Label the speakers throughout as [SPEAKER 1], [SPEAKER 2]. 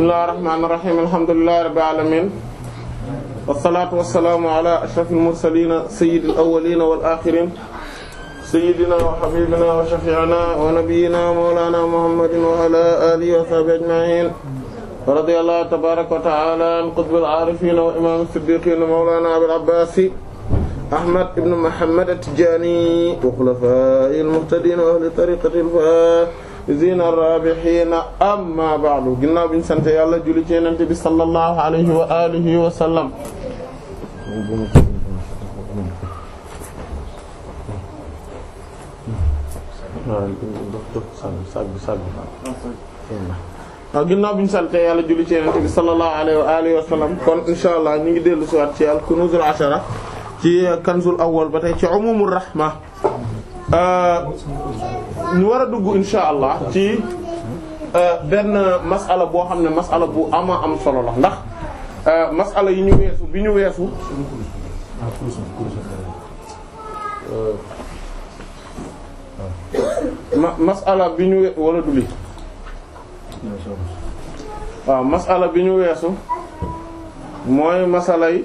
[SPEAKER 1] bismillahir
[SPEAKER 2] rahmanir rahim alhamdulillahi rabbil alamin wassalatu wassalamu ala ashrafil mursalin sayyidil awwalin wal akhirin sayyidina wa habibina wa shafi'ina wa nabiyyina mawlana muhammadin wa ala alihi wa sahbihi ajma'in radiyallahu tabaaraka wa ta'ala an qutbil aarifin wa imam as-siddiqin mawlana abil abbasi ahmad ibn muhammad at-tijani wa khulafa'il muhtadin wa ahli tariqatil faa zina rabihiina amma ba'du ginnaaw bi ñu sant yàlla julli ci yonent bi sallallahu alayhi wa alihi wa sallam waaw ginnaaw bi ñu sant yàlla julli ci yonent bi sallallahu alayhi wa alihi wa sallam kon insha allah ñu ngi dellu ci waat ci al kunuzul ashara ci kanzul awwal ba tey ci umumur rahma Euh, ñu war a dugg insha allah ci euh, benn masala boo xam ne masala bu am a am solo la ndax euh, masala yi ñu weesu bi ñu weesu ma masala bi ñu we wala du li waaw masala bi ñu weesu mooy masala yi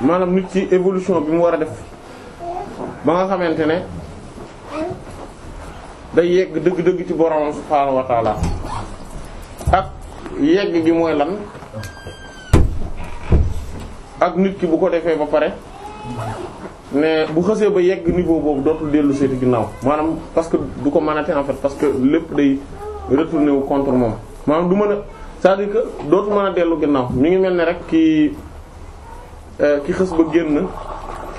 [SPEAKER 2] maanaam nit ci évolution bi mu war a def ba nga xamante ne day yegg dëgg-dëgg ci borom subhaanahu ak yegg gi mooy lan ak nit ki bu ko defee ba pare ne bu xësee ba yegg niveau boobu dootul dellu seeti ginnaaw maanaam parce que du ko mënate en fait parce que lépp day retourné wu contre moom maanaam du mën a cest dire que dootul mën a dellu ginnaaw mi ngi mel ni rek kii. Euh, ki xës ba génn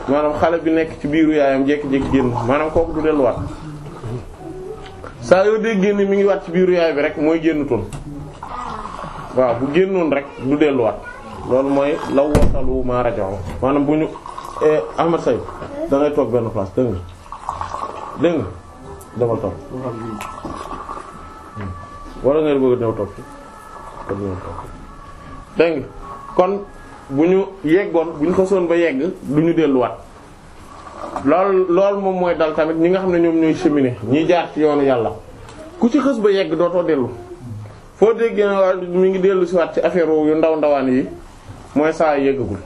[SPEAKER 2] maanaam xale bi nekk ci biiru yaayam jékki-jékki génn maanaam kooku du delluwaat saa yoo déggee ni mi ngi waat ci biiru yaay bi rek mooy génnutoon waaw bu génnoon rek du delluwaat loolu mooy law wasalu ma rajo maanaam bu ñu eh, Ahmad Say da toog benn place dégg nga dégg toog hmm. wala a ñëw toog ci dégg nga kon. bu ñu yeggoon bu ñu xasoon ba yegg du ñu delluwaat lool loolu moom mooy dal tamit ñi nga xam ne ñoom ñooy cheminer ñiy jaar ci yoonu yàlla ku ci xës ba yegg dootoo dellu foo déggee waa mi ngi dellu si waat ci affaire yu ndaw ndawaan yi mooy saa yeggagul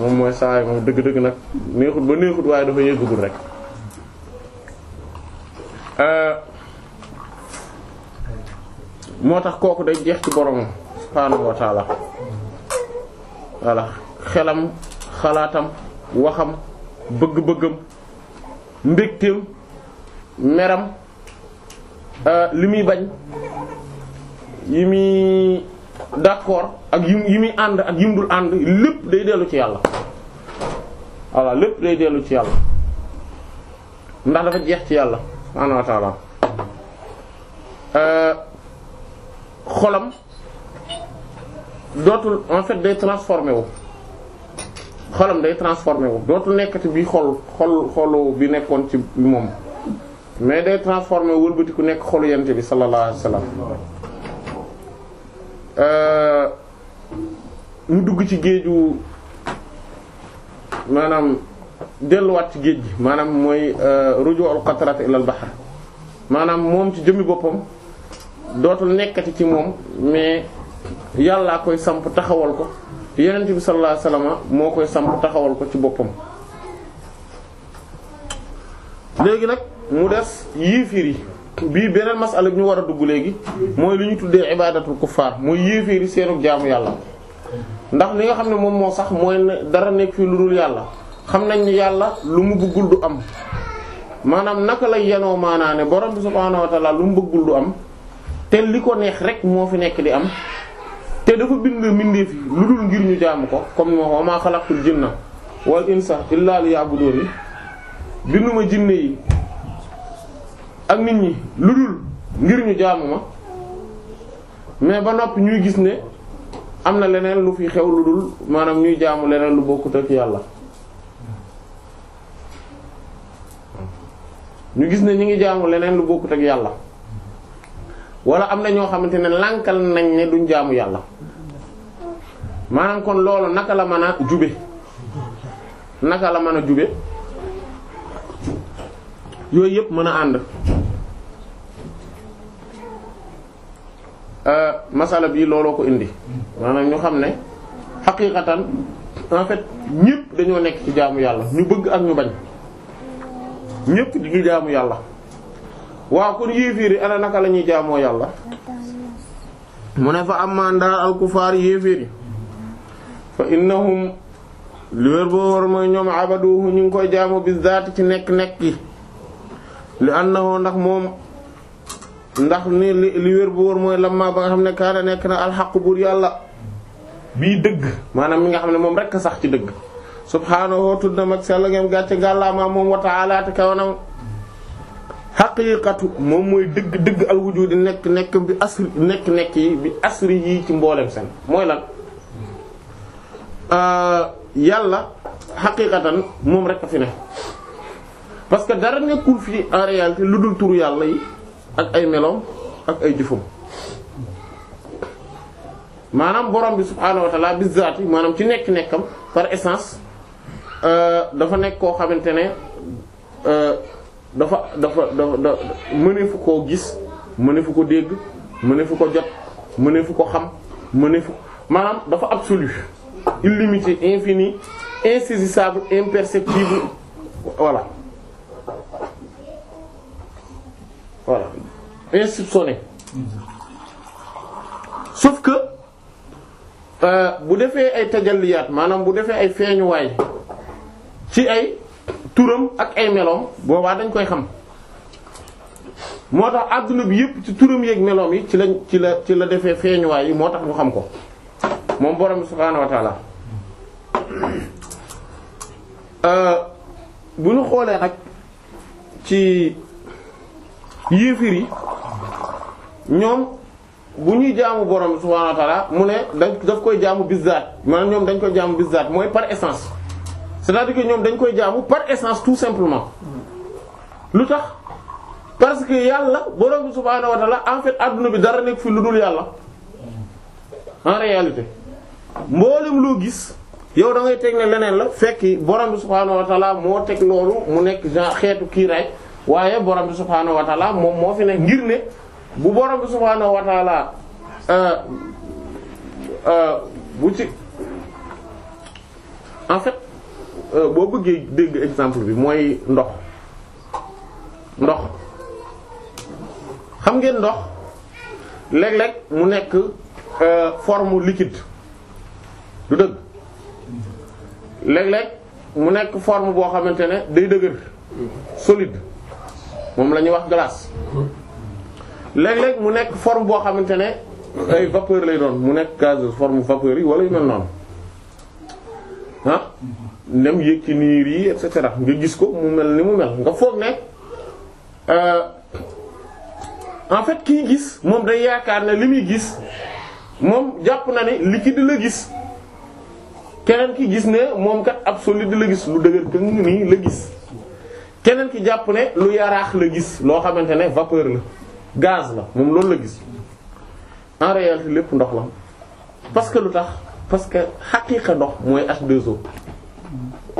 [SPEAKER 2] moom mooy saa moom dëgg-dëgg nag neexut ba neexut waaye dafa yeggagul rek. Euh, moo tax kooku day jeex ci boromam subhaanahu wa ta'ala voilà xelam xalaatam waxam bëgg-bëggam mbégteem meram euh, li muy bañ yi muy d'accord ak yim yi muy ànd ak yim dul ànd lépp day dellu ci yàlla voilà lépp day dellu ci yàlla ndax dafa jeex ci yàlla subhaanahu wa euh, xolam dootul en fait day transformé wu xolam day transformé wu dootul nekkati bi xol xol xolu bi nekkoon ci moom mais day transformé wu wëlbati ku nekk xolu yent bi sallallahu alayhi wasallam euh, mu dugg ci géeju maanaam delluwaat ci géej gi maanaam mooy euh, rujuul qatrat ila al bahr maanaam moom ci jëmmi boppam dootul nekkati ci moom mais yàllaa koy samp taxawal ko yonent bi sallallahu alayhi wasallam moo koy samp taxawal ko ci boppam léegi nag mu des yéefir yi bii beneen masala ñu war a dugg léegi mooy li ñu tuddee ibadatul kuffaar mooy yéefir yi seenu jaamu yàlla ndax li nga xam ne moom moo sax mooy dara nekk fi lu dul yàlla xam nañ ni yàlla lu mu bëggul du am maanaam naka la yenoo maanaa ne borom bi lu mu bëggul du am te li ko neex rek moo fi nekk di am te dafa bind mbindeef yi lu dul ngir ñu jàmm ko comme ni wa maa xalaqtul jinna wal insa illaa liya'budun binduma jinne yi ak nit ñi lu dul ngir ñu jaamu ma mais ba noppi ñuy gis ne am na leneen lu fi xew lu dul maanaam ñuy jaamu leneen lu bokkut ak yàlla ñu gis ne ñu ngi jaamu leneen lu bokkut ak yàlla wala am na ñoo xamante ne lànkal nañ ne duñ jaamu yàlla maanaam kon loolu naka la mën a jube naka la mën a jube yooyu yëpp mën a ànd euh, masala bii looloo ko indi maanaam ñu xam ne xaqiiqatan en fait ñëpp dañoo nekk ci jaamu yàlla ñu bëgg ak ñu bañ ñëpp di ñu jaamu yàlla waaw kon yéeféeri ana naka la ñuy jaamoo yàlla mu ne fa am mandaa al kufaar yéeféeri fa innahum li wér boo war mooy ñoom abaduhu ñu ngi koy jaamu bi zaati ci nekk-nekk yi li annahu ndax moom ndax ni li li wér boo war mooy lamma ba nga xam ne kaana nekk na alxaqu buur yàlla bii dëgg maanaam mi nga xam ne moom rekk sax ci dëgg subhaanahu tudd na mag sell ngeen gàcce gàllaamaa moom wa ta'ala te kawanam xaqiiqatu moom mooy dëgg dëgg al wujudi nekk nekk bi asri nekk nekk yi bi asri yi ci mboolem seen mooy lan Euh, yàlla xaqiiqatan moom rek a fi ne parce que dara nekkul fii en lu dul turu yàlla yi ak ay meloom ak ay jëfam maanaam borom bi subhaanahu wa ta'ala maanaam ci nekk nekkam par essence euh, dafa nekk koo xamante ne euh, dafa dafa dafa mënefu koo gis mënefu ko dégg mënefu ko jot mënefu ko xam mënefu maanaam dafa absolu illimité infini insaisissable imperceptible voilà voilà insoupçonné sauf que euh, bu defee ay tajalliyaat maanaam bu defee ay feeñuwaay ci ay turam ak ay meloom boobaa dañ koy xam moo tax àdduna bi yépp ci turam yeeg meloom yi ci la ci la ci la defee feeñuwaay yi moo tax ñu xam ko moom borom subhaanahu wa euh, bu ñu xoolee nag ci yéefir yi ñoom bu ñuy jaamu borom subhaanahu wa taala mu ne daf koy jaamu bisdaat maanaam ñoom dañ koy jaamu bizaat mooy par essence c'est-à-dire que ñoom dañ koy jaamu par essence tout simplement lu tax parce que yàlla borom subhaanahu wa taala en fait adduna bi dara nekk fi lu dul yàlla en réalité. mboolem loo gis yow da ngay teg leneen la fekk borom bi subhaanahu wa moo teg loolu mu nekk genre xeetu kiiraay waaye borom bi subhaanahu wa moom moo fi ne ngir ne bu borom bi subhaanahu wa euh, euh, bu ci en fait euh, boo bëggee dégg exemple bi mooy ndox ndox xam ngeen ndox léeg-léeg mu nekk forme liquide du dëgg léeg-léeg mu nekk forme boo xamante ne day dëgër solide moom la ñuy wax glace léeg-léeg mu nekk form boo xamante ne ay vapeur lay doon mu nekk gaz forme vapeur yi wala yu mel noonu ah ndem yëg ci niir yi et cetera nga gis ko mu mel ni mu mel nga foog ne euh, en fait kii gis moom day yaakaar ne li muy gis moom jàpp na ni ne di la gis keneen ki gis ne moom kat ab solide la gis lu dëgër këng nii la gis keneen ki jàpp ne lu yaraax la gis loo xamante ne vapeur la gaz la moom loolu la gis en réalité lépp ndox la parce que lu tax parce que xaqiiqa ndox mooy H2O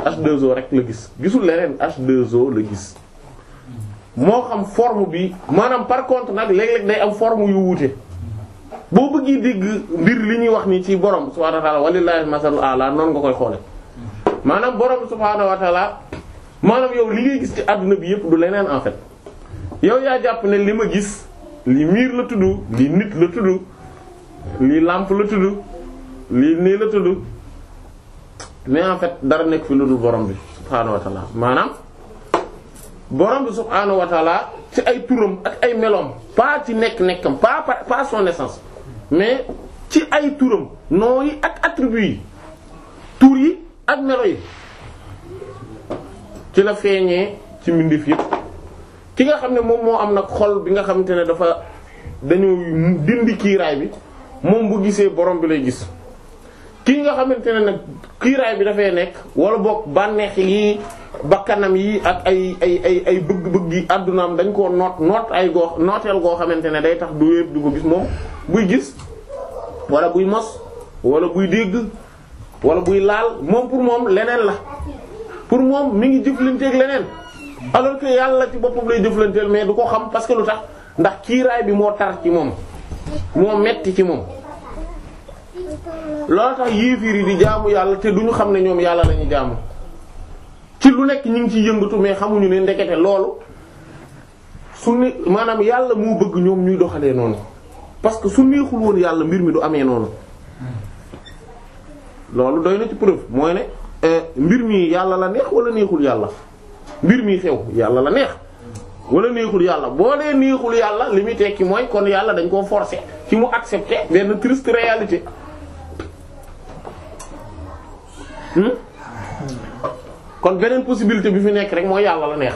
[SPEAKER 2] H2O rek la gis gisul leneen H2O la gis moo xam forme bi maanaam par contre nag léeg-léeg day am forme yu wuute boo bëggee dégg mbir li ñuy wax ni ci borom subhaanahu wa ta'aala walillaahi masalul a'laa noonu nga koy maanaam borom subhaanahu wa ta'aala maanaam yow li ngay gis ci àdduna bi yëpp du leneen en fait yow yaa jàpp ne li ma gis li miir la tudd li nit la làmp la tudd li la tudd mais en fait dara nekk fi lu borom bi subhaanahu maanaam borom bi subhaanahu wa ay turam ak ay meloom pas ci nekk nekkam pas pas son essence mais ci ay turam noo ak atribu yi tur yi ak melo yi ci la feeñee ci mbindeef fii ki nga xam ne moom moo am nag xol bi nga xamante ne dafa dañoo dindi kiiraay bi moom bu gisee borom bi lay gis kii nga xamante ne nag kiiraay bi dafay nekk wala bokk bànneex yi bakkanam yi ak ay ay ay ay bëgg-bëgg yi àddunaam dañ koo noot noot ay goo nooteel goo xamante ne day tax du wér du ko gis moom buy gis wala buy mos wala buy dégg wala buy laal moom pour moom leneen la pour moom mu ngi jëflanteeg leneen alors que yàlla ci boppam lay jëflanteel mais du ko xam parce que lu tax ndax kiiraay bi moo tar ci moom moo metti ci moom loolu tax yi di jaamu yàlla te duñu xam ne ñoom yàlla lañu jaamu ci lu nekk ñu ngi ciy yëngatu mais xamuñu ne ndekete loolu sunni maanaam yàlla moo bëgg ñoom ñuy doxalee noonu parce que su neexul woon yàlla mbir mi du amee noonu loolu doy na ci preuve mooy ne euh, mbir mii yàlla la neex wala neexul yàlla mbir mi xew yàlla la neex wala neexul yàlla boo dee neexul yàlla li muy tekki mooy kon yàlla dañ koo forcer ci mu accepter benn triste réalité Hmm? kon beneen possibilité bi fi nekk rek mooy yàlla la neex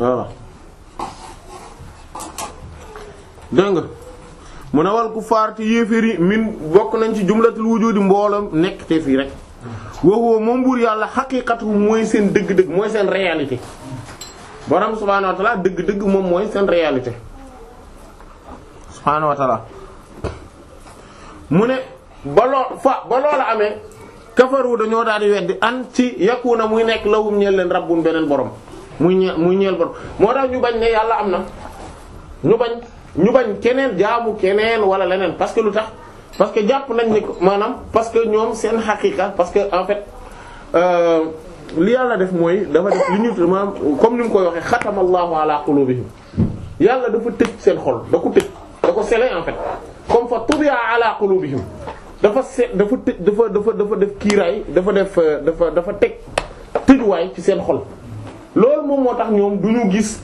[SPEAKER 2] waaw dégg nga mu ne wal kuffaar te yéeféer yi min bokk nañ ci jumlatul wujudi mbooloo nekk te fii rek waxoo moo buur yàlla xaqiiqatu mooy seen dëgg-dëgg mooy seen réalité borom subhaanahu dëgg-dëgg moom mooy seen réalité subhaanahu mu ne ba loo fa ba loola amee kafaru dañoo daal di weddi an ci yakuna muy nekk lawum ñeel leen rabbun beneen borom muy ñeel muy ñeel borom moo tax ñu bañ ne yàlla am na ñu bañ ñu bañ keneen jaamu keneen wala leneen parce que lu tax parce que jàpp nañ ni maanaam parce que ñoom seen xaqiqa parce que en fait euh, li yàlla def mooy dafa def li ñu maanaam comme ni mu koy waxee xatamallahu ala qulubihim yàlla dafa tëj seen xol da tëj. da ko sele en fait comme fa tubi'a ala qulubihim dafa se dafa tëj dafa dafa dafa def kiiraay dafa def euh, dafa dafa teg tëjuwaay ci seen xol loolu moom moo tax ñoom du ñu gis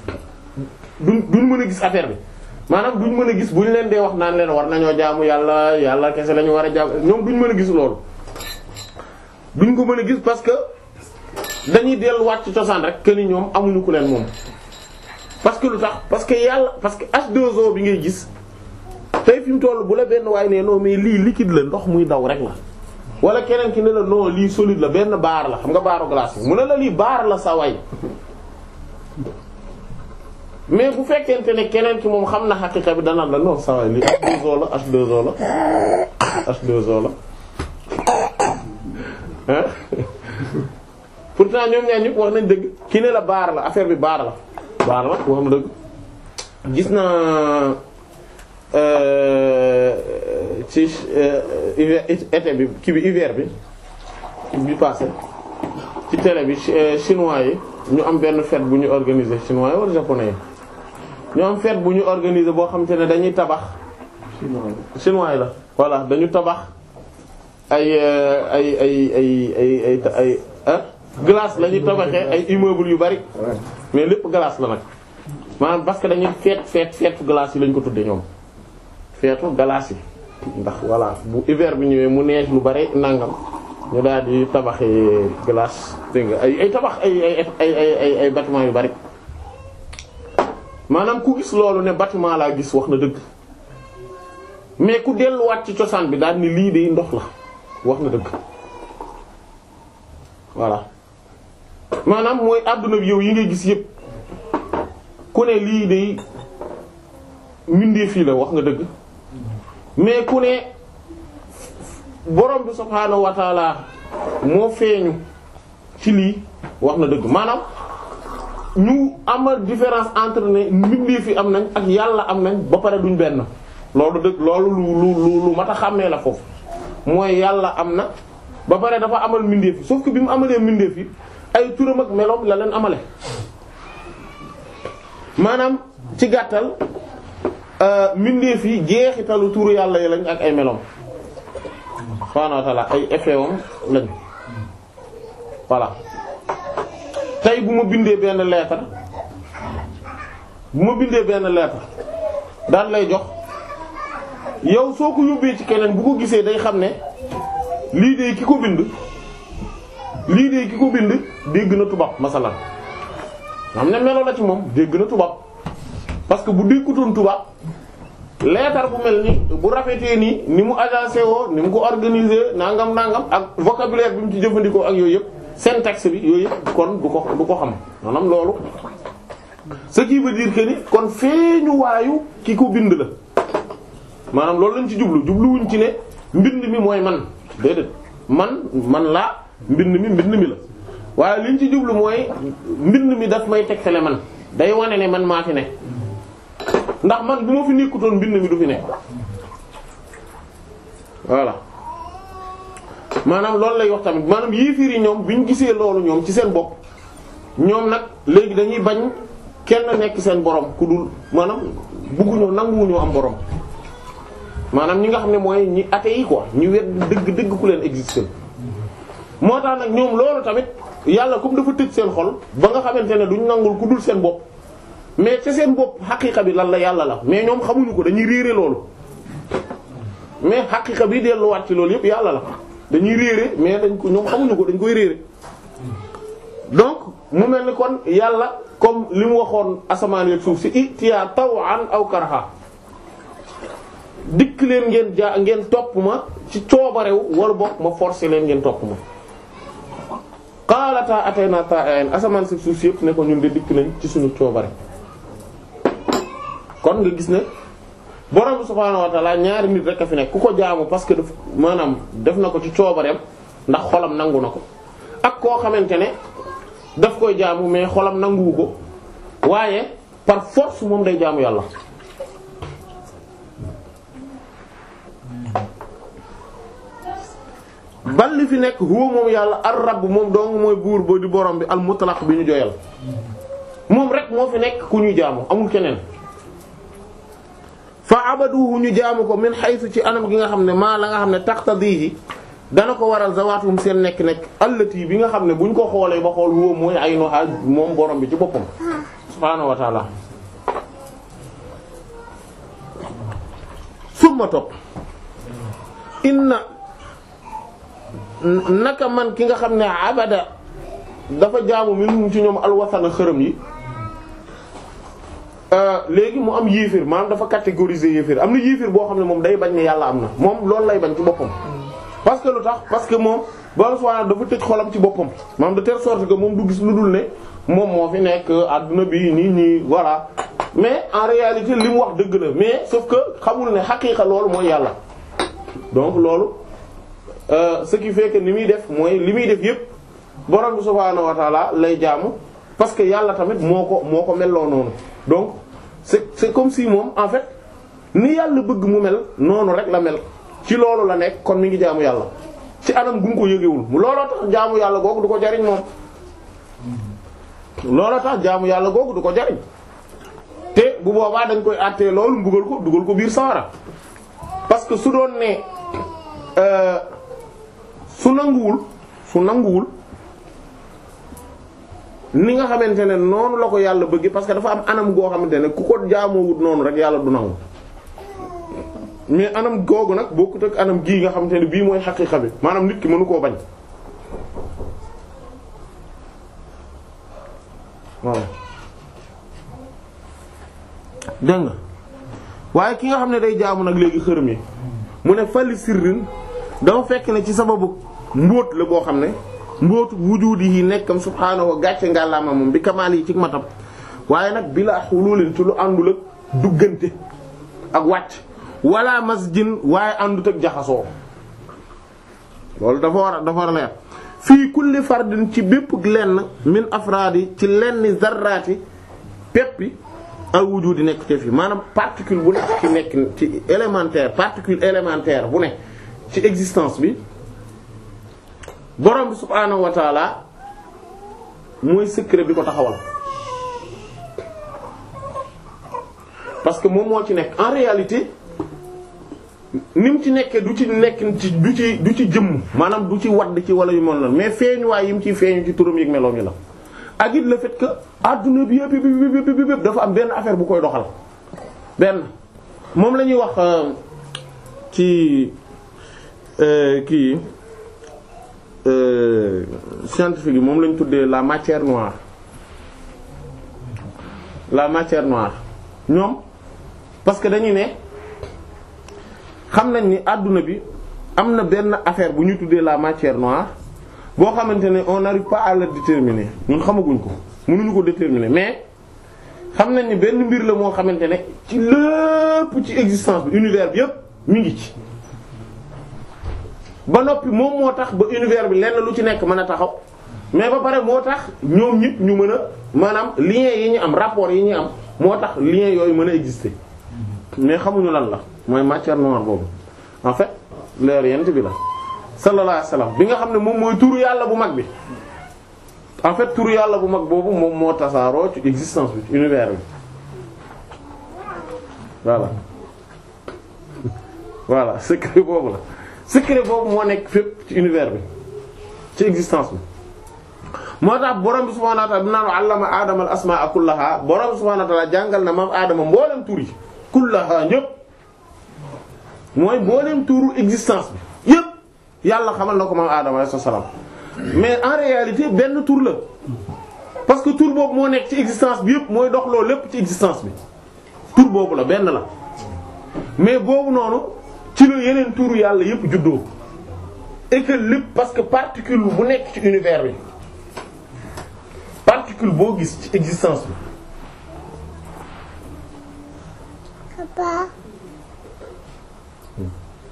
[SPEAKER 2] duñ duñ mën a gis affaire bi maanaam duñ mën a gis bu ñu leen dee wax naan leen war nañoo jaamu yàlla yàlla kese la ñu war a jaamu ñoom ñu mën a gis loolu duñ ko mën a gis parce que dañuy delluwaat ci cosaan rek que ni ñoom amuñu ku leen moom parce lu tax parce yàlla parce que ngay gis tey fi toll bu la benn waaye ne non mais lii liquide la ndox muy daw rek la wala keneen ki ne la non lii solide la benn baar la xam nga baaru glace bi mu ne la lii baar la sa way mais bu fekkente ne keneen ki moom xam na xaqiqa bi la sa way o la H2O ñoom ñaar ñëpp wax nañ dëgg ki ne la baar la affaire bi baar la baar la wax na dëgg gis naa Euh, ci euh, hiver été bi kii bi hiver bi bi ci télé bi euh, chinois yi ñu am benn fête bu ñu organiser chinois yi wala japonais yi ñu am fête bu ñu organiser boo xamante ne dañuy tabax. chinois yi la voilà dañu tabax ay ay ay ay ay ay ay glace la ñuy tabaxee ay immeuble yu bari mais lépp glace la nag maanaam parce que dañuy fête fet fête glace yi lañ ko tuddee ñoom. xeetu galaas yi ndax voilà bu hiver bi ñëwee mu neex lu bari nangam ñu daal di tabaxi glace dégg nga ay ay tabax ay ay ay ay ay yu bari maanaam ku gis loolu ne batiment laa gis wax na dëgg mais ku delluwaat ci cosaan bi daal ni lii de ndox la wax nga dëgg voilà maanaam mooy àdduna yow yi ngay gis yépp ku ne lii de mindee fii la wax nga dëgg mais ku ne borom bi subhaanahu wa moo feeñu ci lii wax na dëgg maanaam ñu amal différence entre ne mbindeef yi am nañ ak yàlla am nañ ba pare duñ benn loolu dëgg loolu lu lu lu mat xàmmee la foofu mooy yàlla am na ba pare dafa amal mbindeef yi sauf que bi mu amalee mbindeef yi ay turam ak meloom la leen amale maanaam ci gàttal Euh, mbindeef yi jeexitalu turu yàlla yi lañ ak ay melom subhaanahu wa ta'aala ay effet lañ voilà tey bu ma bindee benn lettre bu ma bindee benn lettre daan lay jox yow soo ko yóbbee ci keneen bu ko gisee day xam ne lii de ki ko bind lii de ki ko bind dégg na tubaab masalan xam ne melo la ci moom dégg na tubaab parce bu déggutoon tubaab leetar bu mel ni bu rafetee nii ni mu agencé woo ni mu ko organisé nangam nangam ak vocabulaire bi mu ci jëfandikoo ak yooyu yëpp syntaxe bi yooyu yëpp kon du ko du ko xam maanaam loolu ce qui veut dire que ni kon feeñuwaayu ki ko bind loolu lañ ci jublu jubluwuñ ci ne mbind mi mooy man déedéet man man laa mbind mi mbind mi la waaye liñ ci jublu mooy mbind mi daf may tegtale man day wane ne man maa fi ne ndax man bi ma fi nekkutoon mbind mi du fi nekk voilà maanaam loolu lay wax tamit maanaam yéefir yi ñoom bi ñu gisee loolu ñoom ci seen bopp ñoom nag léegi dañuy bañ kenn nekk seen borom ku dul maanaam bëgguñoo nanguwuñoo am borom maanaam ñi nga xam ne mooy ñi athée yi quoi ñu wet dëgg dëgg ku leen existé moo tax nag ñoom loolu tamit yàlla comme dafa tëj seen xol ba nga xamante ne duñu nangul ku dul seen bopp mais ci seen bopp xaqiiqa bi lan la yàlla la mais ñoom xamuñu ko dañuy réere loolu mais xaqiiqa bi delluwaat ci loolu yëpp yàlla la dañuy réere mais dañ ko ñoom xamuñu ko dañ koy réere donc mu mel ni kon yàlla comme li mu waxoon asamaan ak suuf si itiya taw'an aw karha dikk leen ngeen jaa ngeen topp ma ci coobarew wala bokk ma forcer leen ngeen topp ma xaalataa atay naa taa asamaan si suuf si yëpp ne ko ñun de dikk nañ ci suñu coobare kon nga gis ne borom subhaanahu ñaari nit rek a fi nekk ku ko jaamu parce que daf maanaam def na ko ci coobareem ndax xolam nangu na ko ak koo xamante ne daf koy jaamu mais xolam nanguwu ko waaye par force moom day jaamu yàlla. bal li fi nekk huwa moom yàlla ar rabb moom dong mooy buur boo di boroom bi al mutlaq bi ñu joyal moom rek moo fi nekk ku ñuy jaamu amul keneen. fa abaduhu ñu jaamu ko min xaysu ci anam gi nga xam ne maa la nga xam ne taqtadihi dana ko waral zawaatum seen nekk-nekk allati bi nga xam ne bu ñu ko xoolee ba xool wóom mooy ay noxaaj moom borom bi ci boppam subhaanahu wa taala summa topp inna naka man ki nga xam ne abada dafa jaamu min ci ñoom alwasana xërëm yi Euh, léegi mu am yéefir maanaam dafa catégoriser yéefir am na yéefir boo xam ne moom day bañ ne yàlla am na moom loolu lay bañ ci boppam. parce que lu tax parce que moom borom subhaanahu dafa tëj xolam ci boppam maanaam de telle sorte moom du gis lu dul ne moom moo fi nekk àdduna bi nii nii voilà mais en réalité mu wax dëgg la mais sauf que xamul ne xaqiiqa loolu mooy yàlla loolu euh, ce qui fait ni muy def mooy li muy def yépp borom lay jaamu parce que yàlla tamit moo ko moo ko melloo noonu donc. c'est c'est comme si moom en fait ni yàlla bëgg mu mel noonu rek la mel ci loolu la nekk kon mu ngi jaamu yàlla ci anam gu mu ko yëgewul looloo jaamu yàlla googu du ko jariñ moom looloo tax yàlla googu du ko jariñ te bu boobaa dañ koy àttee loolu mbugal ko dugal ko biir sawara parce que su doon ne euh, su nanguwul su nanguwul ni nga xamante ne noonu la ko yàlla bëgg parce que dafa am anam goo xamante ne ku ko jaamoowut noonu rek yàlla du nangu mais anam googu nag ko ak anam gii nga xamante ne bii mooy xaqiiqa bi maanaam nit ki mënu ko bañ waaw dégg nga waaye ki nga xam ne day jaamu nag léegi xërëm yi mu ne fali sirrin dafa fekk ne ci sababu mbóot la boo xam ne mbootu wujuudi yi nekkam subhaanahu wa gàcce ngàllaama moom bi kamaal yi ci matam waaye nag bilaa xuluulin ci lu àndul ak duggante ak wàcc wala masjin waaye àndut ak jaxasoo loolu dafa war a dafa war a leer fii kulli fardin ci bépp lenn min afraadi ci lenn zarraati peppi al wujudi nekk te fi maanaam particule bu nekk ci nekk ci élémentaire particule élémentaire bu ne ci existence bi borom bi subhaanahu wa taala mooy secret bi ko taxawal parce que moom moo ci nekk en réalité ni mu ci nekkee du ci nekk ci du ci du ci jëmm maanaam du ci wadd ci wala yu mel noonu mais feeñuwaay yi mu ciy feeñu ci turam yi meloom yi la ak it le fait que bi yëpp bi bi bi dafa am benn affaire bu koy doxal benn moom lañuy ñuy wax euh, ci euh, kii Euh, scientifique bi moom lañ tuddee la matière noire la matière noire ñoom parce que dañuy ne xam nañ ni àdduna bi am na benn affaire bu ñu tuddee la matière noire boo xamante ne on n'arrive pas à la déterminer ñun xamaguñ ko mënuñu ko déterminer mais xam nañ ni benn mbir la moo xamante ne ci lépp ci existence bi univers bi yépp mi ngi ci ba noppi moom moo tax ba univers bi lenn lu ci nekk mën a taxaw mais ba pare moo tax ñoom ñëpp ñu mën a maanaam lien yi ñu am rapport yi ñu am moo tax lien yooyu mën a exister mais xamuñu lan la mooy matière noire boobu en fait leer yent bi la sallallahu alayhi wasallam bi nga xam ne moom mooy turu yàlla bu mag bi en fait turu yàlla bu mag boobu moom moo tasaaroo ci existence bi univers bi voilà voilà secret boobu la secret boobu moo nekk fépp ci univers bi ci existence bi moo tax borom bi subhaanahu wa ta'aala dinaa allama aadama al asmaa kullaha borom bi subhaanahu wa jàngal na maam aadama mboolem tur yi kullaha ñëpp mooy mboolem turu existence bi yëpp yàlla xamal na ko maam aadama alayhi salaam mais en réalité benn tur la parce que tur boobu moo nekk ci existence bi yëpp mooy dox loolu lépp ci existence bi tur boobu la benn la mais boobu noonu ci la yeneen tuuru yàlla yépp juddoo et lépp parce que particule bu nekk ci univers bi particule boo gis ci existence bi. papa.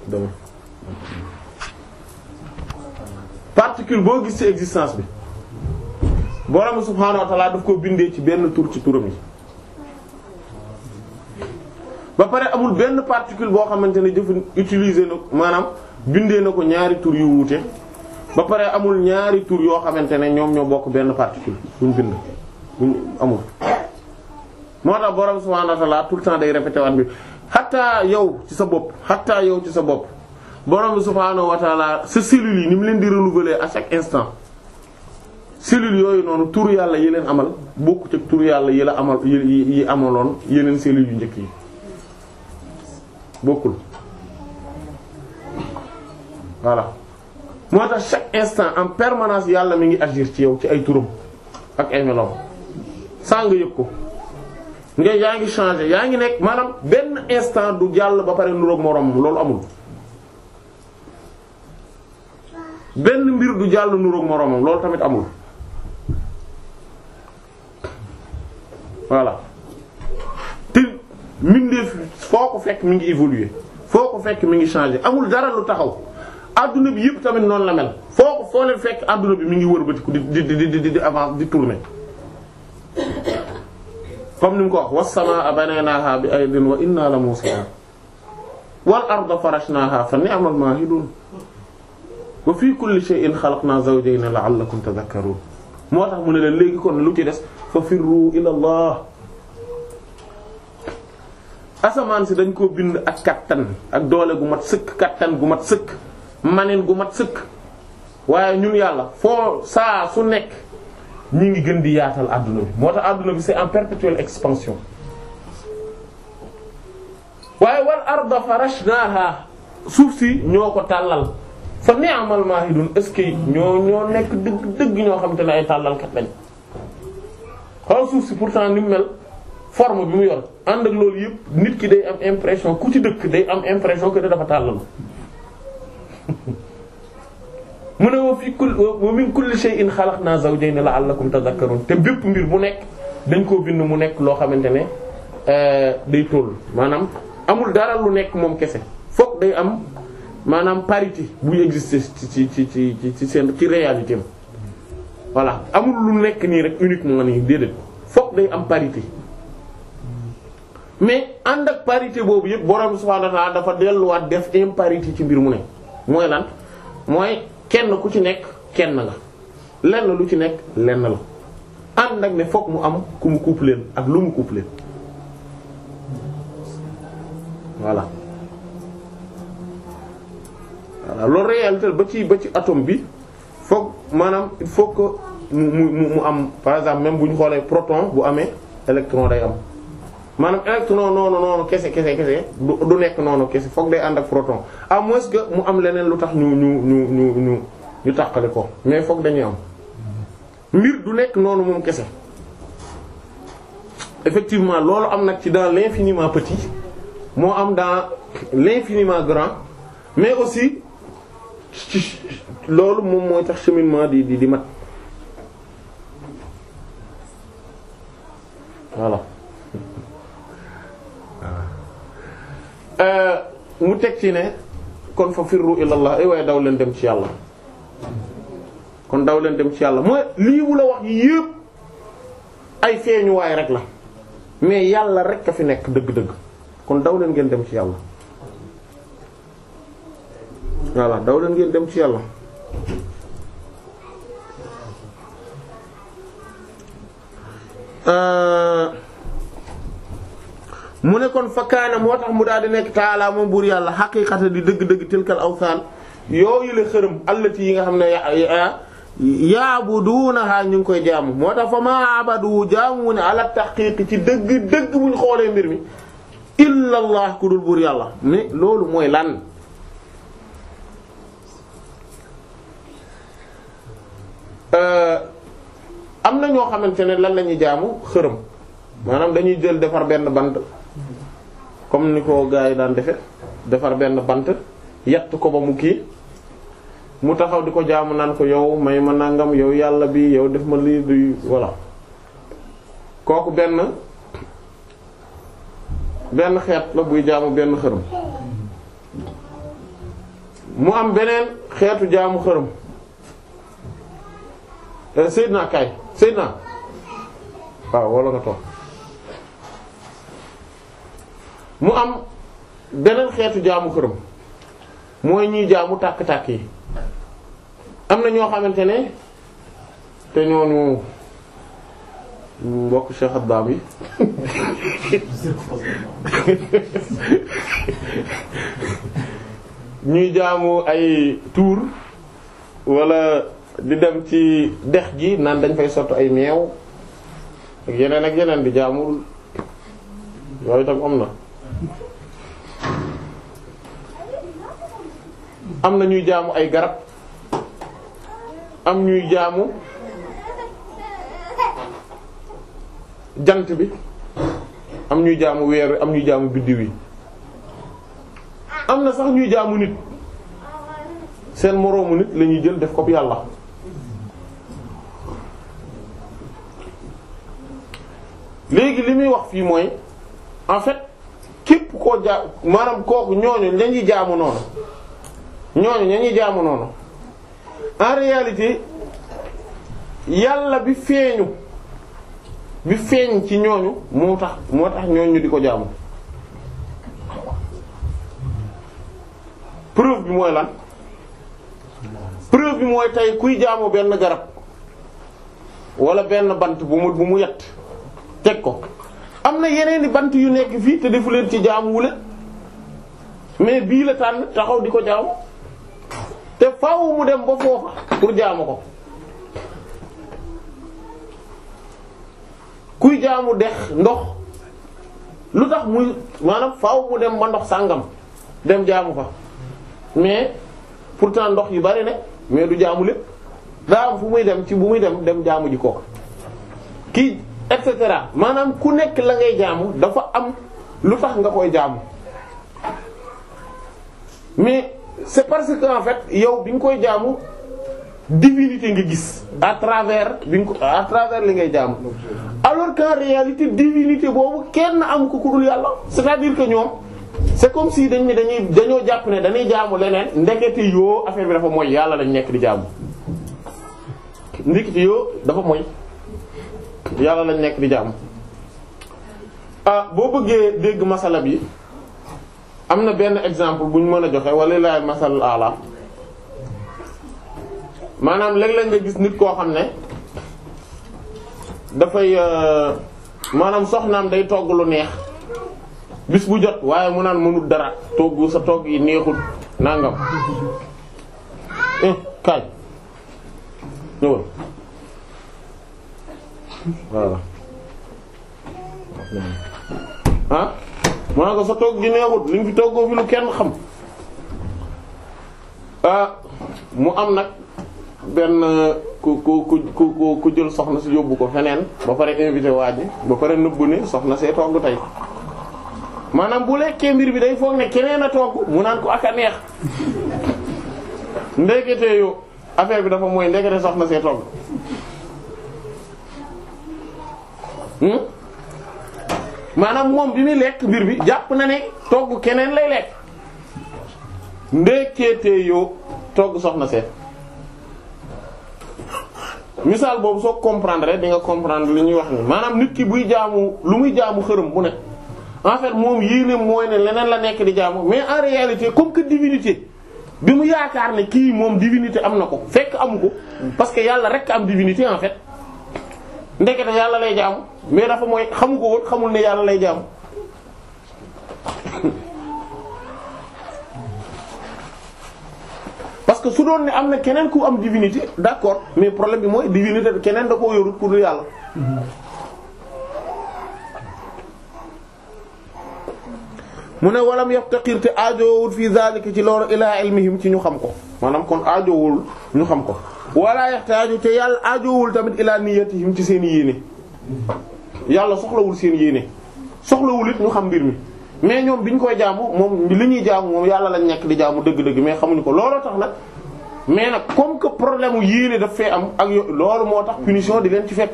[SPEAKER 2] dama particule boo gis ci bi borom subhaanahu wa ta'aala daf ko bindee ci benn tur ci turam yi. ba pare amul benn particule boo xamante ne jëfin utiliser na maanaam bindee na ko ñaari tur yu wute ba pare amul ñaari tur yoo xamante ne ñoom ñoo bokk benn particule ñu bind buñ amul. moo tax borom subhaanahu wa ta'aala tout le temps day répété waan bi xataa yow ci sa bopp xataa yow ci sa bopp borom subhaanahu wa ta'aala sa cellules yi ni mu leen di renouveler à chaque instant. cellules yooyu noonu tour yàlla yi leen amal bokku ci tur yàlla yi la amal yi amaloon yeneen cellules yu njëkk yi. bokkul voilà moo tax chaque instant en permanence yàlla mi ngi agir ci yow ci ay turam ak ay meloom saa nga yëg ko nga yaa ngi changer yaa ngi nekk maanaam benn instant du jàll ba pare nuroog moroom loolu amul benn mbir du jàll nuroog moroomam loolu tamit amul voilà mbindeef foo ko fekk mi ngi évoluer foo ko fekk mi ngi changer amul dara lu taxaw adduna bi yëpp tamit noonu la mel foo ko foo leen fekk adduna bi mi ngi wërbatiku di di di di di avance di tourner. comme ni mu ko wax was-samaa'a banaynaahaa bi aydin wa innaa lamuusi'uun wal arda farashnaahaa fa ni'mal maahiduun wa fii kulli shay'in xalaqnaa zawjayni la'allakum tadhakkaruun moo tax mu ne la léegi kon lu ci des fa firru ilaa Allah asamaan si dañ koo bind ak kattan ak doole gu mat sëkk kattan gu mat sëkk manin gu mat sëkk waaye ñu yàlla foo saa su nekk ñi ngi gën di yaatal àdduna bi moo tax àdduna bi c'est en perpétuelle expansion waaye wal arda farashnaha suuf si ñoo ko tàllal fa ni'mal mahidun est-ce que ñoo ñoo nekk dëgg dëgg ñoo xam te ne ay tàllalkat lañ xool suuf si pourtant ni mel forme bi mu yor ànd ak loolu yëpp nit ki day am impression ku ci dëkk day am impression que dafa tàllalu mu ne wa fi kull wa min kulli shay'in khalaqna zawjayn la'allakum tadhakkarun te bépp mbir mu nekk dañ koo bind mu nekk loo xamante ne euh, day toll maanaam amul dara lu nekk moom kese fokk day am maanaam parité buy exister ci ci ci ci ci seen ci réalité am voilà amul lu nekk nii rek uniquement nii déedéet fokk day am parité. mais ànd ak parité boobu yëpp borom subhaanahu wa ta'aala dafa delluwaat def imparité ci mbir mu ne mooy lan mooy kenn ku ci nekk kenn la lenn lu ci nekk lenn la ànd ak ne fokk mu am ku mu couplé ak lu mu couplé voilà. voilà loolu réalité ba ci ba ci atom bi fokk maanaam il mu mu mu am par exemple même bu ñu xoolee proton bu amee électron day am. maanaam électron noonu noonu kese kese kese du nekk noonu kese foog day ànd ak proton à moins que mu am leneen lu tax ñu ñu ñu ñu ñu ñu tàqale ko mais foog dañuy am mbir du nekk noonu moom kese effectivement loolu am nag ci dans l'infiniment petit moo am dans l'infiniment grand mais aussi loolu moom mooy tax cheminement di di di mat voilà Euh, mu teg ci ne kon fa firru ilallah ay waaye daw leen dem ci yàlla kon daw leen dem ci yàlla mooy lii mu la wax yépp ay feeñuwaay rek la mais yàlla rek a fi nekk dëgg-dëgg kon daw leen ngeen dem ci yàlla voilà daw leen ngeen dem ci yàlla euh, mu ne kon fakkaana moo tax mu daal di nekk taalaa moom buur yàlla xaqiiqata di dëgg-dëgg tilkal awsaan yooyu le xërëm allati yi nga xam ne yaabuduunahaa ñu ngi koy jaamu moo tax fa maa abadu jaamu ne ala taqiiqi ci dëgg dëgg buñ xoolee mbir mi illa allah ku dul buur yàlla mais loolu mooy lan euh, am na ñoo xamante ne lan la ñuy jaamu xërëm maanaam dañuy jël defar benn bant comme ni ko gars yi daan defe defar benn bant yett ko ba mu kii mu taxaw di ko jaamu naan ko yow may ma nangam yow yàlla bi yow def ma lii du voilà kooku benn benn xeet la buy jaamu benn xërëm mu am beneen xeetu jaamu xërëm eh, Seydina Kay Seydina waaw walla nga toog mu am beneen xeetu jaamu këram mooy ñuy jaamu tàkk-tàkk yi am na ñoo xamante ne te ñooñu mbokk Cheikh Abdam yi ñuy jaamu ay tuur wala di dem ci dex gi naan dañ fay sotti ay meew ak yeneen ak yeneen di jaamul yooyu tam am na am na ñuy jaamu ay garab am ñuy jaamu jant bi am ñuy jaamu weer wi am ñuy jaamu biddiw yi am na sax ñuy jaamu nit seen moroomu nit la jël def ko yàlla léegi li muy wax fii mooy en fait képp koo jaa maanaam kooku ñooñu ñañuy jaamu noonu ñooñu ñañuy jaamu noonu en réalité yàlla bi feeñu bi feeñ ci ñooñu moo tax moo tax ñooñu di ko jaamu preuve bi mooy lan preuve bi mooy tey kuy jaamu benn garab wala benn bant bu mu bu mu yett
[SPEAKER 1] teg ko am
[SPEAKER 2] na yeneen i bant yu nekk fii te defu leen ci jaamu wule mais bii la tànn taxaw di ko jaamu te faw mu dem ba foofa pour jaamu ko kuy jaamu dex ndox lu tax muy maanaam faaw mu dem ba ndox sàngam dem jaamu fa mais pourtant ndox yi bari ne mais du jaamu lépp daa am fu muy dem ci bu muy dem dem jaamu ji ko et cetera maanaam ku nekk la ngay jaamu dafa am lu tax nga koy jaamu mais c'est parce que en fait yow bi nga koy jaamu divinité nga gis à travers bi nga ko à travers li ngay jaamu alors qu'en réalité divinité boobu kenn am ku dul yàlla c'est-à-dire que ñoom c'est comme si dañ ne dañuy dañoo jàpp ne dañuy jaamu leneen ndekete yoo affaire bi dafa mooy yàlla lañ nekk di jaamu ndekete yoo dafa mooy. yàlla lañ nekk di jaamu ah boo bëggee dégg masala bi am na benn exemple bu ñu mën a joxe wala laay masal maanaam léeg-léeg nga gis nit koo xam ne dafay euh, maanaam soxnaam day togg lu neex bis bu jot waaye mu naan mënut dara togg sa togg yi neexul nangam eh kaay ñëwal voilà ah maanaam ko sa toog gi neexut li fi toggoo fi lu kenn xam ah, mu am nag benn ku ku ku ku jël soxna si yóbbu ko feneen ba pare invité waa ji ba pare nëbbu ne soxna see togg tey maanaam bu lekkee mbir bi day foog ne keneen a togg mu naan ko ak a neex ndekete yo affaire bi dafa mooy ndekete soxna see togg Hmm? maanaam moom bi muy lekk mbir bi jàpp na ne togg keneen lay lekk ndekete yoo togg soxna seet misaal boobu soo comprendre di nga comprendre li ñuy wax ni maanaam nit ki buy jaamu lu muy jaamu xërëm bu ne en fait moom yéene mooy ne leneen la nekk di jaamu mais en réalité comme que divinité bi mu yaakaar ne kii moom divinité am na ko fekk amu ko parce que yàlla rek am divinité en fait ndekete yàlla lay jaamu mais dafa mooy xamu ko xamul ne yàlla lay jaam parce que su doon ne am na keneen ku am divinité d'accord mais problème bi mooy divinité bi keneen da koo yorul ku dul yàlla. mu ne walam yaftaqir te aajowul fii zalika ci loolu ilaa ilmihim ci ñu xam ko maanaam kon aajowul ñu xam ko. wala yaxtaaju te yàlla aajowul tamit ilaa niyatihim ci seen i yàlla soxlawul seen yéene soxlawul it ñu xam mbir mi mais ñoom bi ñu koy jaamu moom li ñuy jaamu moom yàlla lañ nekk di jaamu dëgg-dëgg mais xamuñu ko looloo tax nag mais nag comme que problème mu yéene daf fee am ak yo loolu moo tax punition di leen ci fekk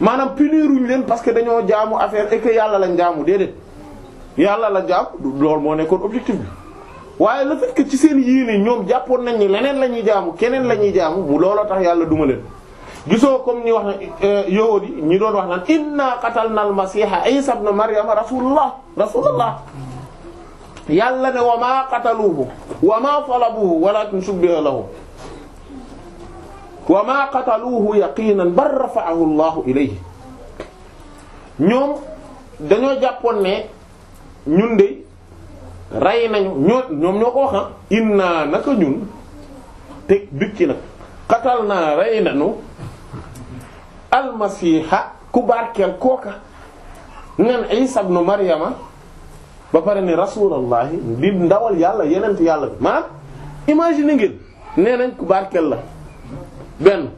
[SPEAKER 2] maanaam puniruñ leen parce que dañoo jaamu affaire et yàlla lañ jaamu déedéet yàlla la jaam loolu moo nekkoon objectif bi waaye le fait que ci seen yéene ñoom jàppoon nañ ni leneen la ñuy jaamu keneen la ñuy jaamu mu looloo tax yàlla duma leen. gisoo comme ñi wax ne euh, yahudi yi ñi doon wax naan inna qatalna al masiha isa ibn maryam rasulullah rasulullah yàlla ne wa maa qataluuhu wa maa salabuuhu walakin shubbiha lahu wa maa qataluuhu yaqinan bal rafa'ahu allahu ilayhi ñoom dañoo jàppoon ne ñun de rey nañu ñoom ñoo ko wax ah inna naka ñun teg dikki nag qatal rey nañu almasiixa ku barkeel kooka nen isa ibnu maryama ba pare ne rasulallahi di ndawal yàlla yenent yàlla bi maanaam imagine ngeen nee nañ ku barkeel la benn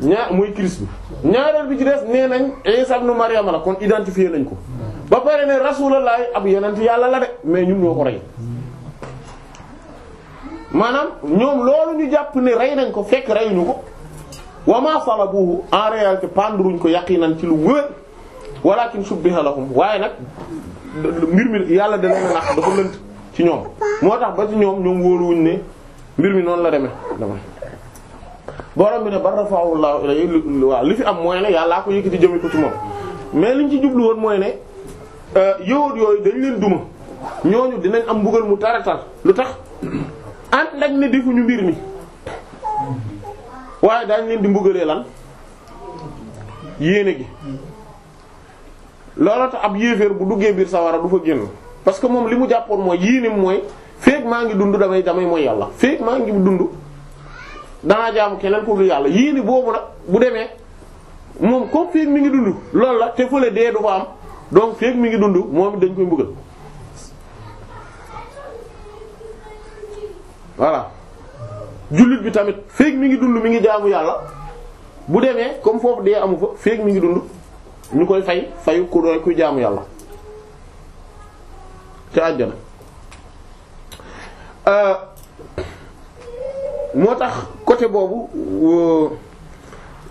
[SPEAKER 2] ñaa muy Christ bi ñaareel bi ci des nee nañ isa ibnu maryama la kon identifié nañ ko ba pare ne rasulallahi ab yenent yàlla la de mais ñun ñoo ko rey maanaam ñoom loolu ñu jàpp ni rey nañ ko fekk reyuñu ko wa ma salabuhu en réalité pandruñ ko nañ ci lu wër walakin subbiha lahum waaye nag mbir mi yàlla da leen a nax dafa lënt ci ñoom moo tax ba ci ñoom ñoom wóoruwuñ ne mbir mi noonu la deme dama borom bi ne ba rafa'ahu Allahu ilayhi li fi am mooy ne yàllaa ko yëkkati jëme ko ci moom mais liñ ci jublu woon mooy ne euh, yëwut yooyu dañ leen duma ñooñu dinañ am mbugal mu taratal lu tax ànd ak ne defuñu mbir mi waaye daañ leen di mbugalee lan yéene gi loola tax ab yéeféer bu duggee biir sawara du fa génn parce que moom li mu jàppoon mooy yéeneem mooy feek maa ngi dund damay damay mooy yàlla feek maa ngi dund danaa jaamu keneen ku dul yàlla yéene boobu nag bu demee moom comme feek mi ngi dund loolu la te fële dee du fa am donc feek mi ngi dund moom dañ koy mbugal voilà jullit bi tamit feek mi ngi dund mi ngi jaamu yàlla bu demee comme foofu dee amu fa feek mi ngi dund ñu koy fay fayu ku doy kuy jaamu yàlla ca àjjana euh, moo tax côté boobu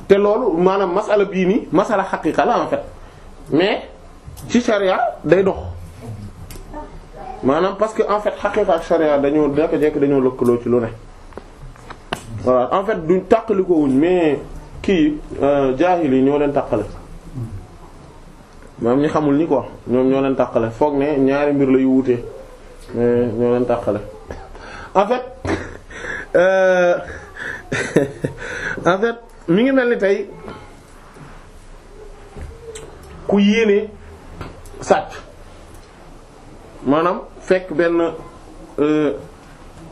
[SPEAKER 2] te loolu maanaam masala bii nii masala xaqiqa la en fait mais ci charia day dox maanaam parce que en fait xaqiqa ak charia dañoo nekk jekk dañoo lëkkaloo ci lu ne waaw en fait duñ tàqaliko mais kii euh, jaahil yi ñoo leen tàqale maanaam ñi xamul ñi quoi ñoom ñoo leen tàqale foog ne ñaari mbir la yu wutee mais ñoo leen tàqale en fait euh, en fait mi ngi mel ni tey ku yéene sàcc maanaam fekk benn euh,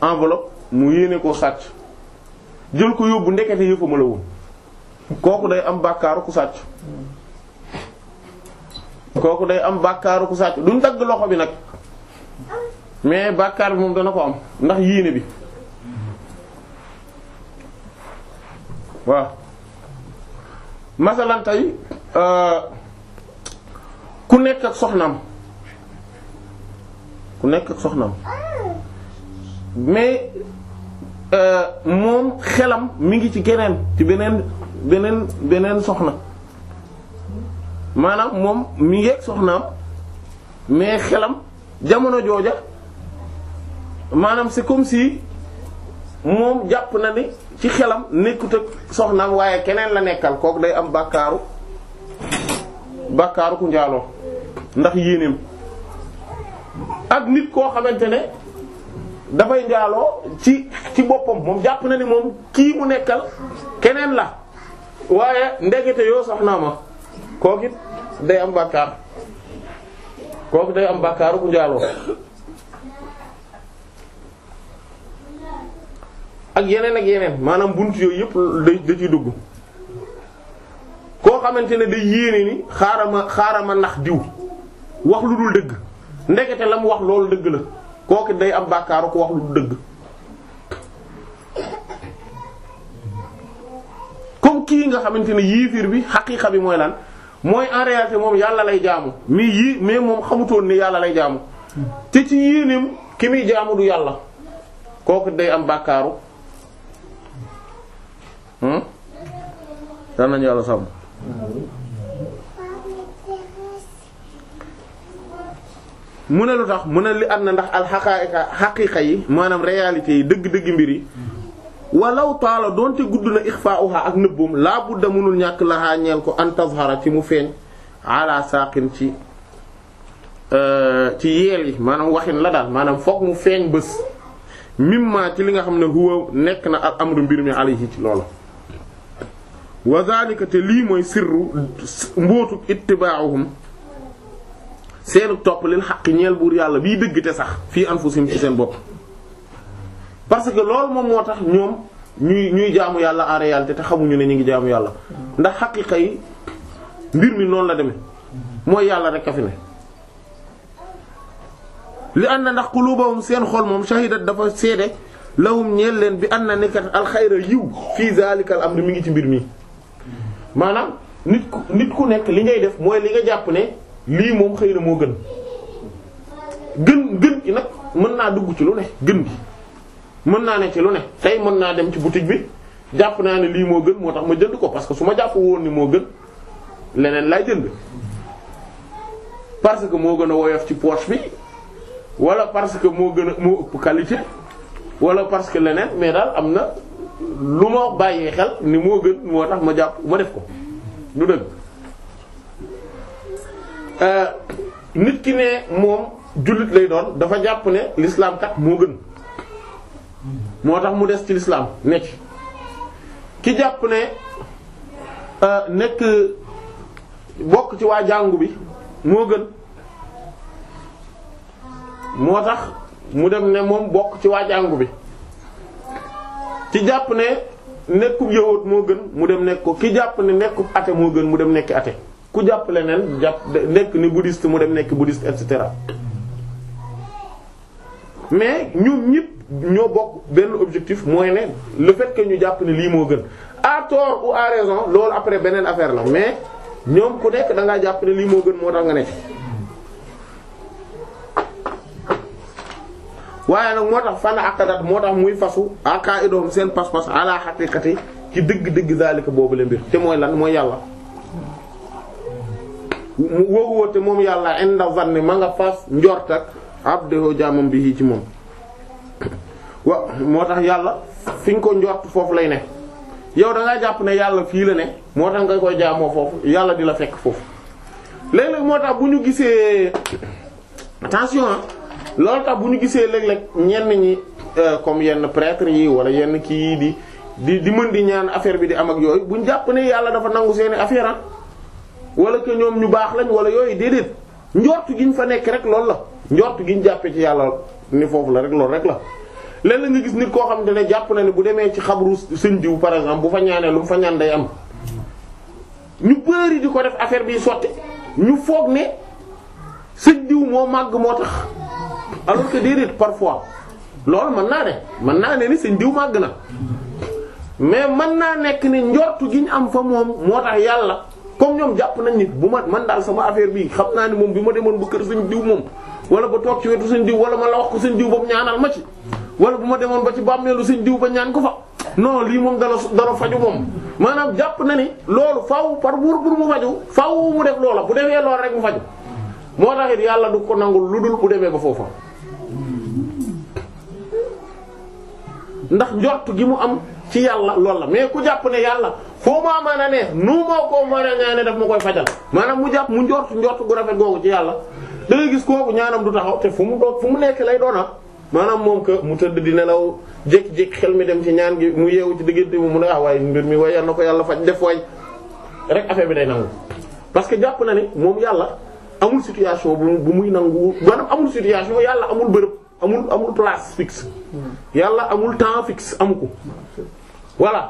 [SPEAKER 2] enveloppe mu yéene ko sàcc jël ko yóbbu ndekete yëfuma la woon kooku day am bàkkaaru ku sàcc kooku day am bàkkaaru ku sàcc duñ dagg loxo bi nag mais bàkkaar bi moom dana ko am ndax yéene bi waaw masalan tey euh, ku nekk ak soxnaam ku nekk ak soxnaam mais Euh, moom xelam mi ngi ci keneen ci beneen beneen beneen soxna maanaam moom mi ngeeg soxnaam mais xelam jamono jooja maanaam si kom si moom jàpp na ni ci xelam nekkut ak soxnaam waaye keneen la nekkal kook day am bàkkaaru bàkkaaru ku njaaloo ndax yéeneem ak nit koo xamante ne dafay njaaloo ci ci boppam moom jàpp na ni moom kii mu nekkal keneen la waaye ndegete yoo naa ma kookit day am bàkkaar kooku day am bàkkaar bu njaaloo ak yeneen ak yeneen maanaam bunt yooyu yëpp day da dugg koo xamante ne day yéene ni xaaral ma xaaral ma nax diw wax lu dul dëgg ndekete la mu wax loolu dëgg la kooku day am bàkkaaru ko wax lu dëgg comme kii nga xamante ne yiifir bi xaqiiqa bi mooy lan mooy en moom yàlla lay jaamu mais yii mais moom xamutoon ni yàlla lay jaamu te ci yéeneem ki muy jaamu du yàlla kooku day am bàkkaaru daan hmm? nañu yàlla sàmm mu ne lu tax mu ne li am ndax alxaqaa'iqa xaqiiqa yi maanaam réalité yi dëgg-dëgg mbir yi walaw taala doonte gudd na ixfaa'uha ak nëbboom laa budda mënul ñàkk lahaa ñeel ko an tazhara ci mu feeñ ala saaqin ci euh, ci yeel yi maanaam waxin la daal maanaam foog mu feeñ bés mimma ci li nga xam ne huwa nekk na al amru mbir mi alayhi ci loola wa zalika te lii mooy sirru mbootuk ittibaa'uhum seenu topp leen xaq ñeel buur yàlla biy dëgg te sax fii anfusim ci seen bopp parce que loolu moom moo tax ñoom ñuy ñuy jaamu yàlla en te xamuñu ne ñu ngi jaamu yàlla ndax xaqiqa yi mbir mi noonu la deme mooy yàlla rek a fi ne li an na ndax qulubahum seen xol moom shahidat dafa seede lahum ñeel leen bi ànd na nekkat alxayra yiw fii am na mi ngi ci mbir mi maanaam nit ku nit ku nekk li ngay def mooy li nga jàpp ne lii moom xëy na moo gën gën gën gi nag mën naa dugg ci lu ne gën gi mën naa ne ci lu ne tey mën naa dem ci boutique bi jàpp naa ne lii moo gën moo tax ma jënd ko parce que su ma jàpp woon ni moo gën leneen lay jënd parce que moo gën a woyof ci poche bi wala parce que moo gën a moo ëpp qualité wala parce que leneen mais daal am na lu ma bàyyee xel ni moo gën moo tax ma jàpp ma def ko lu dëgg Euh, nit ki ne moom jullit lay doon dafa jàpp ne l'islam moo gën moo tax mu des ci l'islam nekk ki jàpp ne euh, nekk bokk ci waa jàngu bi moo gën moo tax mu dem ne moom bokk ci waa jàngu bi ki jàpp ne nekkub yawut moo gën mu dem nekk ko ki jàpp ne nekkub ate moo gën mu dem nekk ate ku jàpp leneen jàpp nekk ni bouddhiste mu dem nekk bouddhiste et cetera mais ñoom ñëpp ñoo bokk benn objectif mooy ne le fait ñu jàpp ne lii moo gën à tort ou à raison loolu après beneen affaire la mais ñoom ku nekk da ngaa jàpp ne lii moo gën moo tax nga nekk. waaye nag moo tax fan a akadat moo tax muy fasu aka idoom seen pas-pas ala haqiqati ci dëgg-dëgg zalika boobu la mbir te mooy lan mooy yàlla. wa te moom yàlla inda zanni ma nga fas njort ak abduhu jaamam bi ci moom wa moo tax yàlla fi nga ko njort foofu lay ne yow da jàpp ne yàlla fii la ne moo tax nga koy jaamoo foofu yàlla di la fekk foofu léeg-léeg moo tax bu ñu gisee attention ah, loolu tax bu ñu gisee léeg-léeg ñenn ñi euh, comme yenn prêtre yi wala yenn kii di di di mën di ñaan affaire bi di am ak yooyu bu ñu jàpp yàlla dafa nangu seeni affaire ah. wala que ñoom ñu baax lañ wala yooyu déedéet njortu gi ñu fa nekk rek loolu la njortu gi ñu jàppee ci yàlla ni foofu la rek loolu rek la. leen léeg nga gis nit koo xam ne jàpp na ne bu demee ci xabru seen diw par exemple bu fa ñaanee lu mu fa ñaan day am ñu bëri di ko def affaire bi sotti ñu foog ne seen diw moo màgg moo tax alors que déedéet parfois loolu man naa ne mën naa ne ni seen diw màgg na mais mën naa nekk ne njortu gi ñu am fa moom moo tax yàlla. comme ñoom jàpp nañ ni bu ma man daal sama affaire bi xam naa ne moom bi ma demoon ba kër sëñ diw moom wala ba toog ci wetu sëñ diw wala ma la wax ko sëñ diw ba mu ñaanal ma ci wala bu ma demoon ba ci bàmmeelu sëñ diw ba ñaan ko fa non lii moom dana dana faju moom maanaam jàpp na ni loolu faw par buur pour mu faju faw mu def loola bu defee loolu rek mu faju moo taxit yàlla du ko nangul lu dul bu demee ba foofa ndax njort gi mu am ci yàlla loolu la mais ku jàpp ne yàlla foo maa mën a ne nu moo ko mën a ñaane daf ma koy fajal maanaam mu jàpp mu njort njort gu rafet googu ci yàlla da ngay gis kooku ñaanam du taxaw te fu mu doog fu mu nekk lay doona ah. maanaam moom que mu tëdd di nelaw jékki-jékki xel mi dem ci ñaan gi mu yeewu ci diggante bi mu ne ah waaye mbir mi waaye yal na ko yàlla faj def waay rek affaire bi day nangu parce que jàpp na ne moom yàlla amul situation bu muy nangu maanaam amul situation yàlla amul bërëb amul amul place fixe hmm. yàlla amul temps fixe amu ko voilà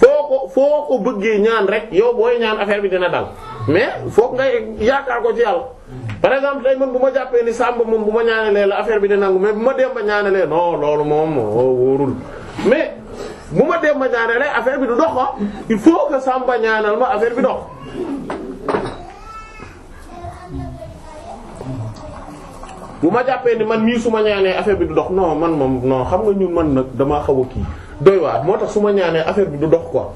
[SPEAKER 2] foo ko foo ko bëggee ñaan rek yow booy ñaan affaire bi dina dal mais foo ngay yaakaar ko ci yàlla par exemple tey man bu ma jàppee ni Samba moom bu ma ñaanalee la affaire bi dina nangu mais bu ma dem ba ñaanalee loolu moom oh, mais bu ma dem ba affaire bi du dox ah ma affaire bi dox. ma jàppee ni man nii su ma ñaanee affaire bi du dox non man moom non xam nga ñun man nag damaa xaw a kii. doy waar moo tax su ma ñaanee affaire bi du dox ko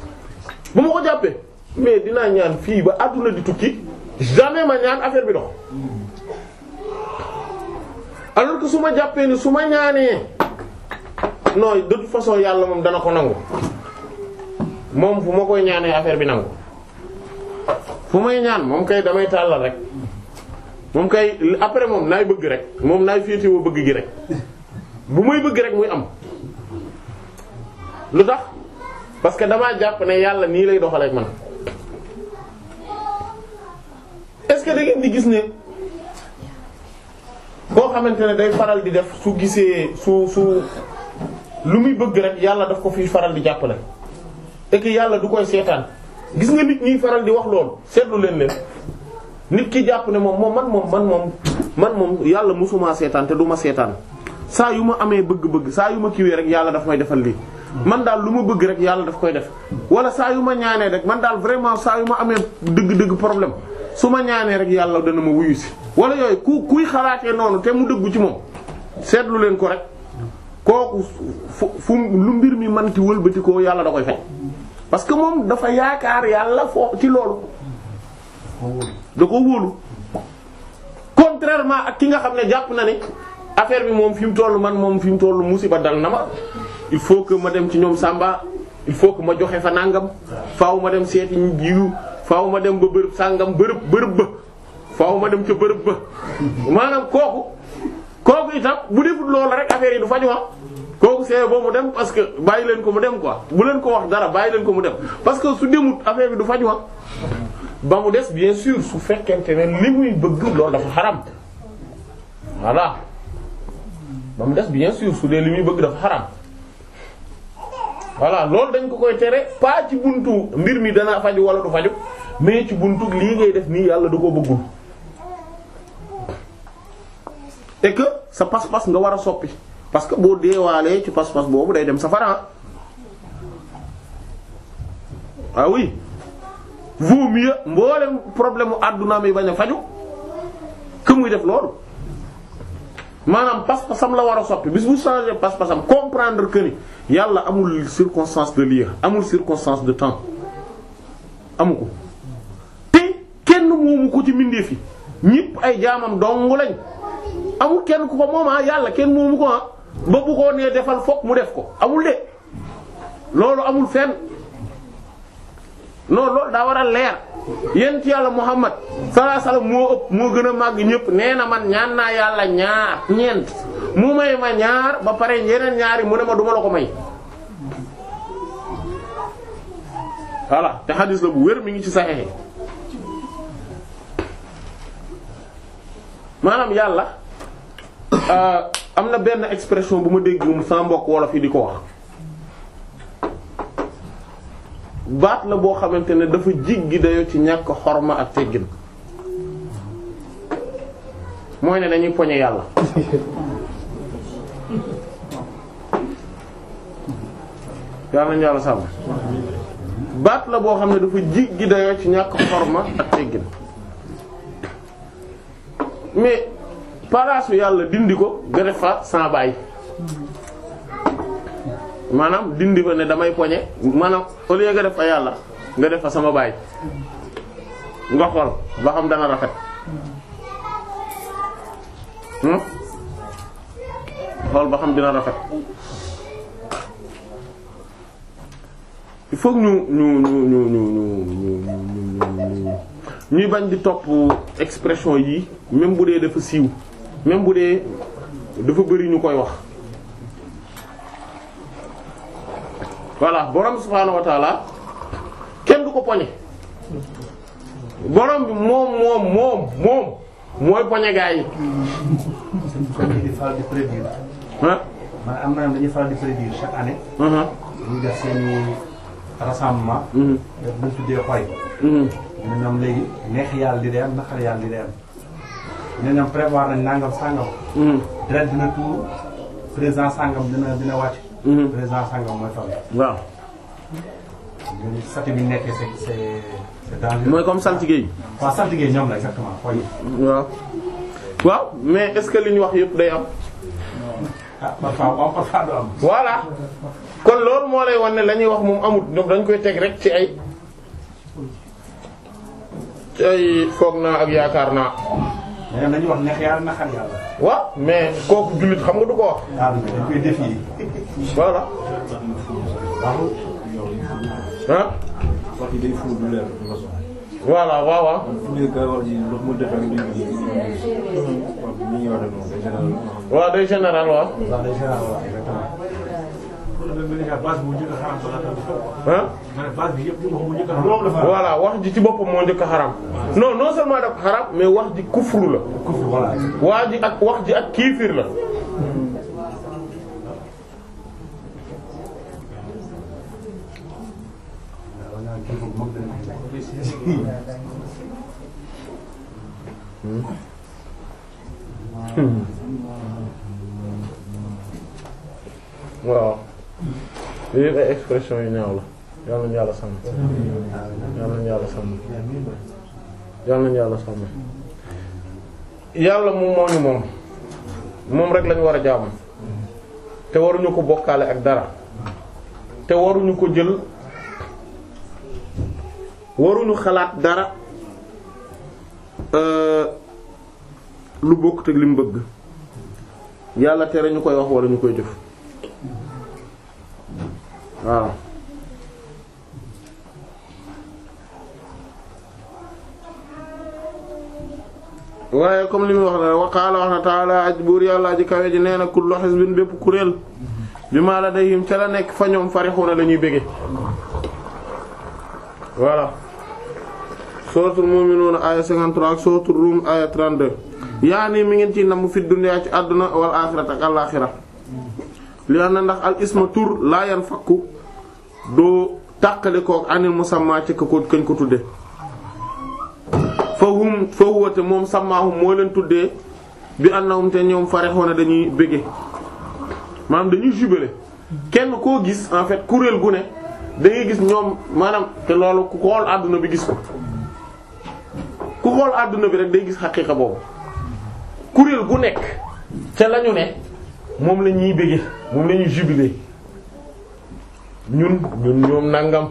[SPEAKER 2] bu ma ko jàppee mais dinaa ñaan fii ba àdduna di tukki jamais ma ñaan affaire bi dox alors que su ma jàppee ni su ma ñaanee non de façon yàlla moom dana ko nangu moom fu ma koy ñaanee affaire bi nangu fu may ñaan moom kay damay tàllal rek moom kay après moom naay bëgg rek moom naay féetewoo bëgg gi rek bu may bëgg rek muy am lu tax parce que damaa jàpp ne yàlla nii lay doxalee ak man est-ce que di gis ne koo xamante ne day faral di def su gisee su su lu muy bëgg rek yàlla daf ko fi faral di jàppale et yàlla du koy seetaan gis nga nit ñiy faral di wax loolu seetlu leen leen nit ki jàpp ne moom moom man moom man moom man moom yàlla mësuma seetaan te du ma seetaan saa yu ma amee bëgg-bëgg saa yu ma kiwee rek yàlla daf may defal lii man daal lu ma bëgg rek yàlla daf koy def wala saa yu ma ñaanee rek man daal vraiment saa yu ma amee dëgg-dëgg problème su ma ñaanee rek yàlla dana ma wuyu si. wala yooyu ku kuy xalaatee noonu te mu dëggu ci moom seetlu leen ko rek kooku fu lu mbir mi manti wëlbati ko yàlla da koy fay parce que moom dafa yaakaar yàlla foo ci loolu. da ko wóolu. contrairement ak ki nga xam ne jàpp na ne affaire bi moom fi mu toll man moom fi mu toll musiba dal na ma. il faut que ma dem ci ñoom sàmba il faut que ma joxe fa nàngam faw ma dem seeti ñu faw ma dem ba bërëb sàngam bërëb bërëb ba ma dem ca bërëb ba kooku kooku itam bu defut loolu rek affaire yi du faju ma ah. kooku see boo mu dem parce que bàyyi leen ko mu dem bu leen ko wax dara bàyyi leen ko mu dem parce que su demut affaire bi du faju ma ah. ba mu des bien sûr su fekkente ne li muy bëgg loolu dafa xaram voilà ba mu des bien sûr su dee li muy bëgg dafa xaram voilà loolu dañ ko koy tere pas ci buntu mbir mi dana faju wala du faju mais ci buntu lii ngay def nii yàlla du ko bëggul et que sa pas-pas nga war a soppi parce que boo deewaalee ci pas-pas boobu day dem safara ah oui vaut mieux mboolem problème mu àdduna mi bañ a faju que muy def loolu. maanaam pas-pasam la war a soppi bis bu changer pas-pasam comprendre que ni yàlla amul circonstance de lieu amul circonstance de temps amu ko te kenn moomu ko ci mbindeef fi ñépp ay jaamam dong lañ amul kenn ku ko moom ah yàlla kenn moomu ko ah ba bu ko defal fokk mu def ko amul de loolu amul fenn. non loolu daa war a leer yent yàlla Muhammad sallallahu alayhi moo ëpp moo gën a màgg ñëpp nee na man ñaan naa yàlla ñaar ñeent mu may ma ñaar ba pare yeneen ñaari mu ne ma duma la ko may voilà te xadis la bu wér mi ngi ci saxexe maanaam yàlla euh, am na benn expression bu ma dégg sama mbokk wolof yi di ko wax baat la boo xamante ne dafa gi dayo ci ñàkk xorma ak teggin mooy ne dañuy poñe yàlla yàlla nañu sàmm baat la boo xam ne dafa gi dayoo ci ñàkk xorma ak teggin mais paraasu yàlla dindi ko gën a faat sans maanaam dindi fa ne damay poñe maanaam au lieu nga def fa yàlla nga def fa sama baay nga xool ba xam dana rafet xool ba xam dina rafet il faut ñu ñu ñu ñu ñu ñu ñu ñuy bañ di topp expression yi même bu dee dafa siiw même bu dee dafa bari ñu koy wax voilà borom subhaanahu wa kenn du ko poñe borom bi moom moom moom moom mooy poñe gaa yi. di faral di prédire. am dañuy faral di prédire chaque année. Uh-huh. ñu def seen rassemblement. Uh-huh. def bu ñu tuddee xooy. Uh-huh. ñu ñoom léegi neex yàlla di dee am naqar yàlla di dee am. ñu ñoom prévoir nañ dina tuuru président sangam dina dina wàcc. Mhm. président sangam waaw. bi nekkee c'est c'est dangereux. mooy comme saltige yi. waaw waaw mais est-ce que li ñu wax yëpp day am. ah parfois kon loolu moo lay wan ne la wax moom amut ñoom dañ koy teg rek ci ay. ay foog naa ak yaakaar naa. mais dañuy wax neex yàlla naxar yàlla. mais kooku jullit xam nga du ko wax. waaw dañ koy défier. voilà. ah. waaw waaw. waaw général waaw. ah. voilà wax ji ci boppam moo njëkk a xaram. non non seulement dafa xaram mais wax ji kufru la. wax ji ak wax ji ak kiifir la.
[SPEAKER 1] Hmm. Hmm.
[SPEAKER 2] waaw. yooyu yëpp ay expression yu ñaaw la yal nañu yàlla sàmm yal nañu yàlla sàmm yàlla sàmm yàlla moom moo ñu moom moom rek lañu war a jaamu te waruñu ko bokkaale ak dara te waruñu ko jël waruñu xalaat dara euh, lu bokk te bëgg yàlla tere ñu koy wax wala ñu koy jëf voilà waaye comme li mu wax la waqaala wax na taala aj buur yàlla ji kawe ji nee na kullu hizbin bépp kuréel bi maa la dayhim ca la nekk fa ñoom farixuuna la ñuy bége voilà suratul mu'minuun aaya 53 ak suratul rum aaya 32 yaa nii mi ngeen ci namm fi dunya ci àdduna wal aaxirat ak al li na ndax al isma tur laayan yan fakku doo tàqale kook anil musamma ci ko kañ ko tudde fa hum fa huwate moom sàmmaahum moo leen tuddee bi annahum te ñoom farexoona dañuy bége maanaam dañuy jubile kenn koo gis en fait kuréel gu ne da gis ñoom maanaam te loolu ku xool àdduna bi gis ko ku xool àdduna bi rek day gis xaqiiqa boobu kuréel gu nekk te lañu ne moom la ñuy bége moom lañuy ñuy ñun ñun ñoom nangam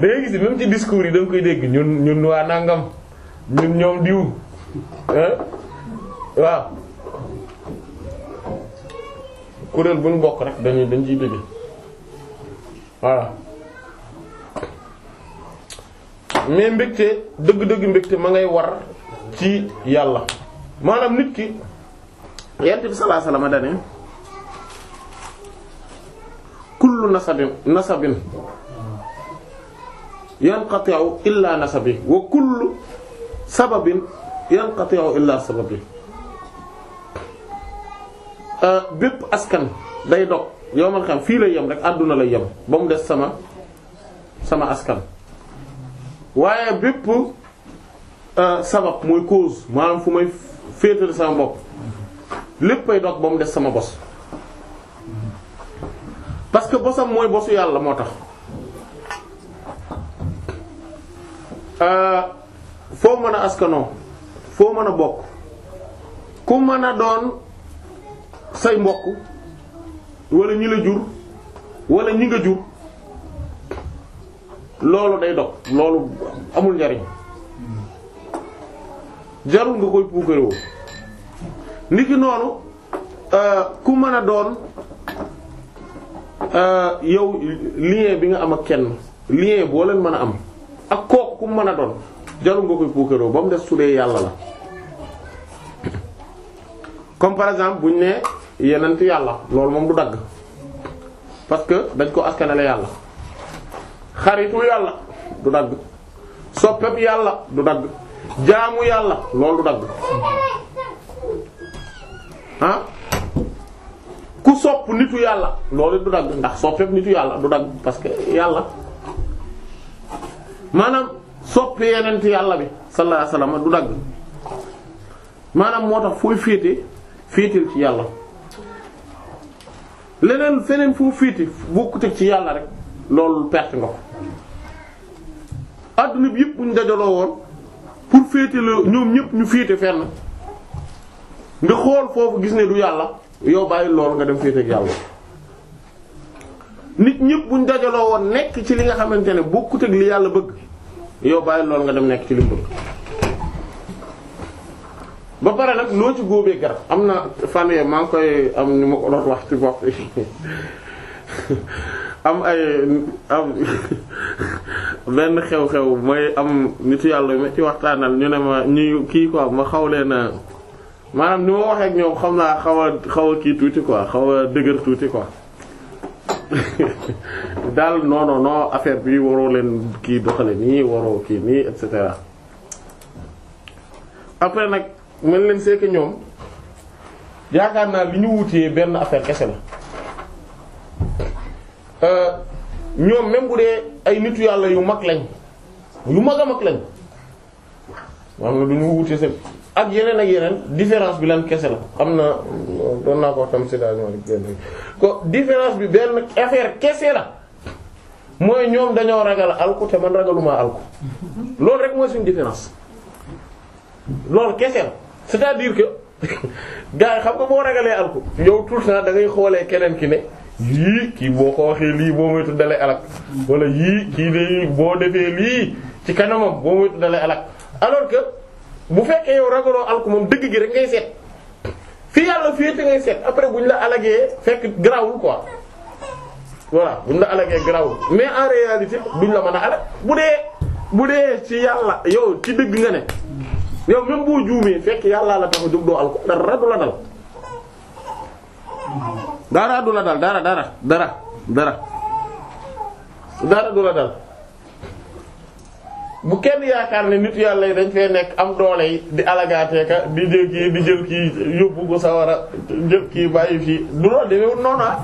[SPEAKER 2] da ngay gis même ci discours yi da nga koy dégg ñun ñun waa nangam ñun ñoom diw waaw kuréel bu ñu bokk rek dañuy dañ ciy bége voilà mais mbégte dëgg-dëgg mbégte ma ngay war ci yàlla maanaam nit ki. yent bi sallallahu dane kullu nasabin nasabin yanqati'u illa nasabi wa kullu sababin yanqati'u illa sababi euh, bépp askan day dox yow man fii lay yem rek àdduna lay yem ba mu des sama sama askan waaye bépp euh, sabab mooy cause maanaam fu may féetale sama bopp léppay dog ba mu des sama bos parce que bosam mooy bosu yàlla moo tax euh, foo mën a askanoo foo mën a bokk ku mën a doon say mbokk walla ñi la jur wala ñi nga jur loolu day dog loolu amul njariñ jarul nga koy puukarewoo niki noonu euh, ku mën a doon euh, yow lien bi nga am ak kenn lien boo leen mën a am ak kooku ku mën a doon jarul nga koy puukaroo ba mu des su dee yàlla la comme par exemple bu ñu nee yenent yàlla lool moom du dagg parce que dañ ko askanale yàlla xaritu yàlla du dagg soppeb yàlla du dagg jaamu yàlla loolu du dagg ah ku sopp nitu yàlla loolu du dagg ndax soppeek nitu yàlla du dagg parce que yàlla maanaam soppi yenent yàlla bi sallallahu alayhi wasallam du dagg maanaam moo tax fooy féete féetil ci yàlla leneen feneen foo féete bokkut ci yàlla rek loolu perte nga ko adduna bi yëpp bu ñu dajaloo woon pour féete la ñoom ñëpp ñu féete fenn nga xool foofu gis ne du yàlla yow bàyyi loolu nga dem féete ak yàlla nit ñëpp buñ dajaloo woon nekk ci li nga xamante ne bokkut ak li yàlla bëgg yow bàyyi loolu nga dem nekk ci li mu bëgg ba pare nag loo ci góobee garab am na fan maa ngi koy am ni ma wax ci bopp am ay am benn xew-xew mooy am nitu yàlla ma ci waxtaanal ñu ne ma ñuy kii quoi ma xaw leen maanaam ni ma waxee ak ñoom xam naa xaw a xaw kii tuuti quoi xaw a dëgër tuuti ko daal noonu noo non affaire bi waroo leen kii doxale nii waroo kii nii et cetera après nag mën leen seeke ñoom yaakaar naa li ñu wutee benn affaire kese la euh, ñoom même bu dee ay nitu yàlla yu mag lañ yu mag a mag lañ maanaam du ñu wutee seen ak yeneen ak yeneen différence bi lan kese la xam na doon naa ko tam si daal différence bi benn affaire kese la mooy ñoom dañoo ragal alku te man ragaluma alku loolu rek mooy suñu différence loolu kese la c'est-à-dire que gars yi xam nga boo ragalee alku yow tout le temps da ngay xoolee keneen ki ne yii kii boo ko waxee lii boo moytu dalee alak wala yii kii de boo defee lii ci kanamam boo moytu dalee alak alors que. bu fekkee yow ragaloo alku moom dëgg gi rek ngay seet fii yàlla fii te ngay seet après buñ la alagee fekk garaawul quoi voilà buñ la alagee garaawul mais en réalité duñ la mën a alag bu dee bu dee ci yàlla yow ci dëgg nga ne yow même boo juumee fekk yàllaa la tax a doo alku dara du la dal dara du la du la dal bu kenn yaakaar ne nit yàlla yi dañ fee nekk am doole di alagaateeka di jël kii yóbbu ko sawara war a jël kii bàyyi fii du loolu demewul noonu ah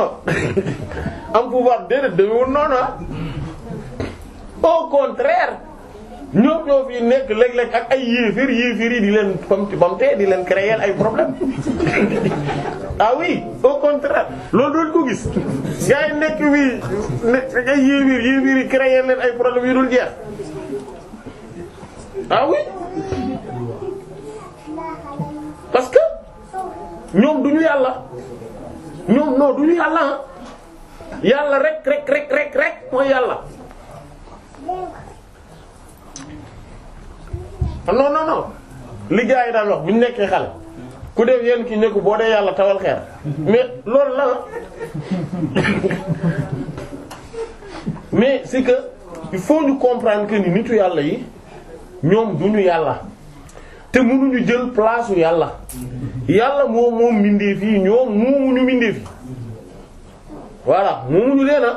[SPEAKER 2] am pouvoir déedéet demewul noonu ah. au contraire ñoom ñoo fi nekk léeg-léeg ak ay yéeféer yéeféer yi di leen comme ci bamte di leen créer ay problème ah oui au contraire loolu doon ko gis gars yi nekk wii nekk ay yéeféer yéeféer yi créer leen ay problème yu dul jeex ah oui parce que ñoom duñu yàlla ñoom non duñu yàlla ah yàlla rek rek rek rek rek mooy yàlla Ah, non non non li gars yi daan wax bi ñu nekkee xale ku def yéen ki nekku boo dee yàlla tawal xeer mais loolu la mais c'est que il faut ñu comprendre que ni nitu yàlla yi ñoom duñu yàlla te mënuñu jël place yàlla yàlla moom moom mbindeef yi ñoom moomuñu mbindeef yi voilà moomuñu leena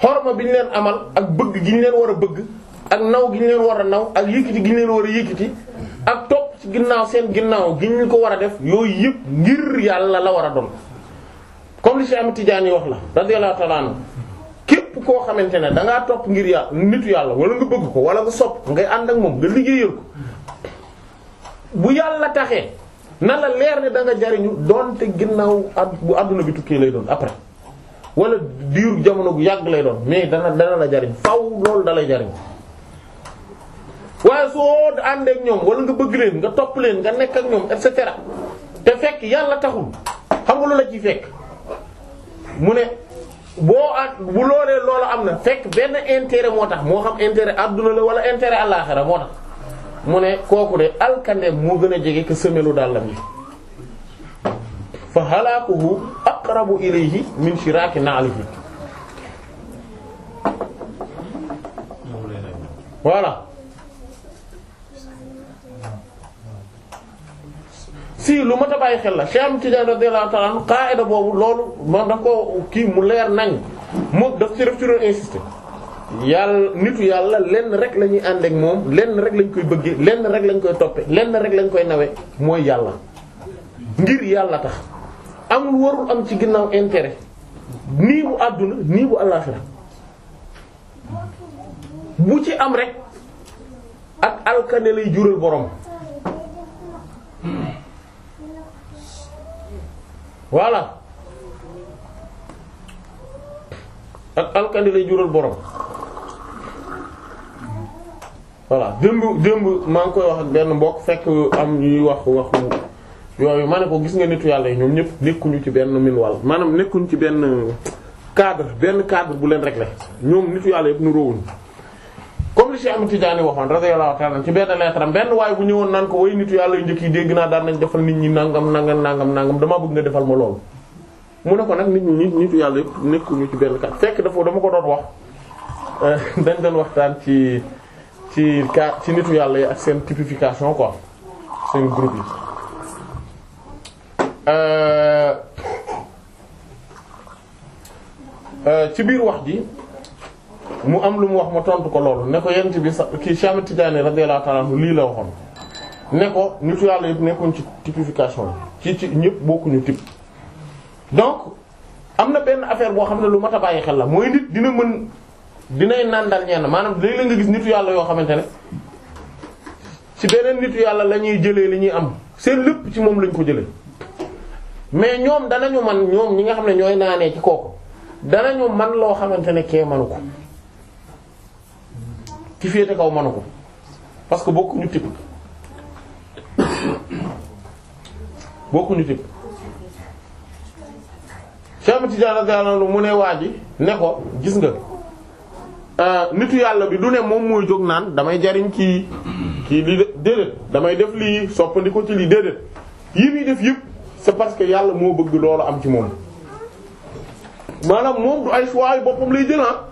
[SPEAKER 2] xorma bi ñu leen amal ak bëgg gi ñu leen war a bëgg ak naw gi ñu leen war a naw ak yëkkati gi ñu leen war a yëkkati ak topp ci ginnaaw seen ginnaaw gi ñu ko war a def yooyu yëpp ngir yàlla la war a doon comme li Cheikh Ahmed Tidiane wax la radiyallahu ta'ala anhu képp koo xamante ne da ngaa topp ngir yàlla nitu yàlla wala nga bëgg ko wala nga ngay ànd ak moom liggéeyal ko bu yàlla taxee na la leer ne danga nga jariñu doonte ginnaaw bu àdduna bi tukkee lay doon après wala diiru jamono gu yàgg lay doon mais dana dana la jariñ faw loolu dalay lay jariñ waaye soo àndee ak ñoom wala nga bëgg leen nga topp leen nga nekk ak ñoom et cetera te fekk yàlla taxul xam nga la ji fekk mu ne boo at bu loolee loolu am na fekk benn intérêt moo tax moo xam intérêt àdduna la wala intérêt àllaaxira moo tax mu ne kooku de alkande moo gën a jege que semelu dàllam yi fa halaakuhu aqrabu ilayhi min shiraaki naalihi voilà si lu mat a bàyyi xel la Cheikh Ahmad Tidiane radiyallahu ta'ala anhu qaida boobu loolu man daf ko kii mu leer nañ moom daf ci def ci doon insister yàlla nitu yàlla lenn rek la ñuy moom lenn rek lañ koy bëggee lenn rek lañ koy toppe lenn rek lañ koy nawe mooy yàlla ngir yàlla tax amul warul am ci ginnaaw intérêt nii bu àdduna nii bu àllaaxira bu ci am rek ak alkane lay jural borom voilà ak alkane lay jural borom voilà démb démb maa ngi koy wax ak benn mbokk fekk am ñuy wax wax yooyu ma ne ko gis nga nitu yàlla yi ñoom ñëpp nekkuñu ci benn minwal maanaam nekkuñu ci benn cadre benn cadre bu leen réglé ñoom nitu yàlla yëpp nu róowuñ comme li Cheikh Ahmed Tidiane waxoon radiyallahu ta'ala ci benn lettre am benn waaye bu ñëwoon naan ko way nitu yàlla yu njëkk yi dégg naa daan nañ defal nit ñi nangam nangam nangam nangam dama bëgg nga defal ma loolu mu ne ko nag nit ñi nitu yàlla yëpp nekkuñu ci benn cadre fekk dafa dama ko doon wax euh, dañ doon waxtaan ci ci ci nitu yàlla yi ak seen typification quoi seen groupe yi Euh, euh, ci biir wax ji mu am lu mu wax ma tontu ko loolu ne ko yent bi sax kii Cheikh Tidiane radiyallahu ta'ala anhu lii la waxoon ne ko nitu yàlla yëpp nekkoon ci typification ci ci ñëpp bokkuñu type donc am na benn affaire boo xam ne lu mat a bàyyi xel la mooy nit dina mën dinay nàndal ñenn maanaam léeg la nga gis nitu yàlla yoo xamante ne ci beneen nitu yàlla la ñuy jëlee li ñuy am seen lépp ci moom lañ ko jëlee mais ñoom danañu man ñoom ñi nga xam ne ñooy naanee ci kooku danañu man loo xamante ne kee manu ko ki féete kaw manu ko parce que bokkuñu tibb bokkuñu tibb Cheikh Tidiane Galanou mu ne waa ji ne ko gis nga euh, nitu yàlla bi du ne moom mooy jóg naan damay jariñ kii kii lii déedéet damay def lii soppandi ko ci lii déedéet yi def yëpp. c'est parce que yàlla moo bëgg loolu am ci moom maanaam moom du ay choix yu boppam lay jël ah.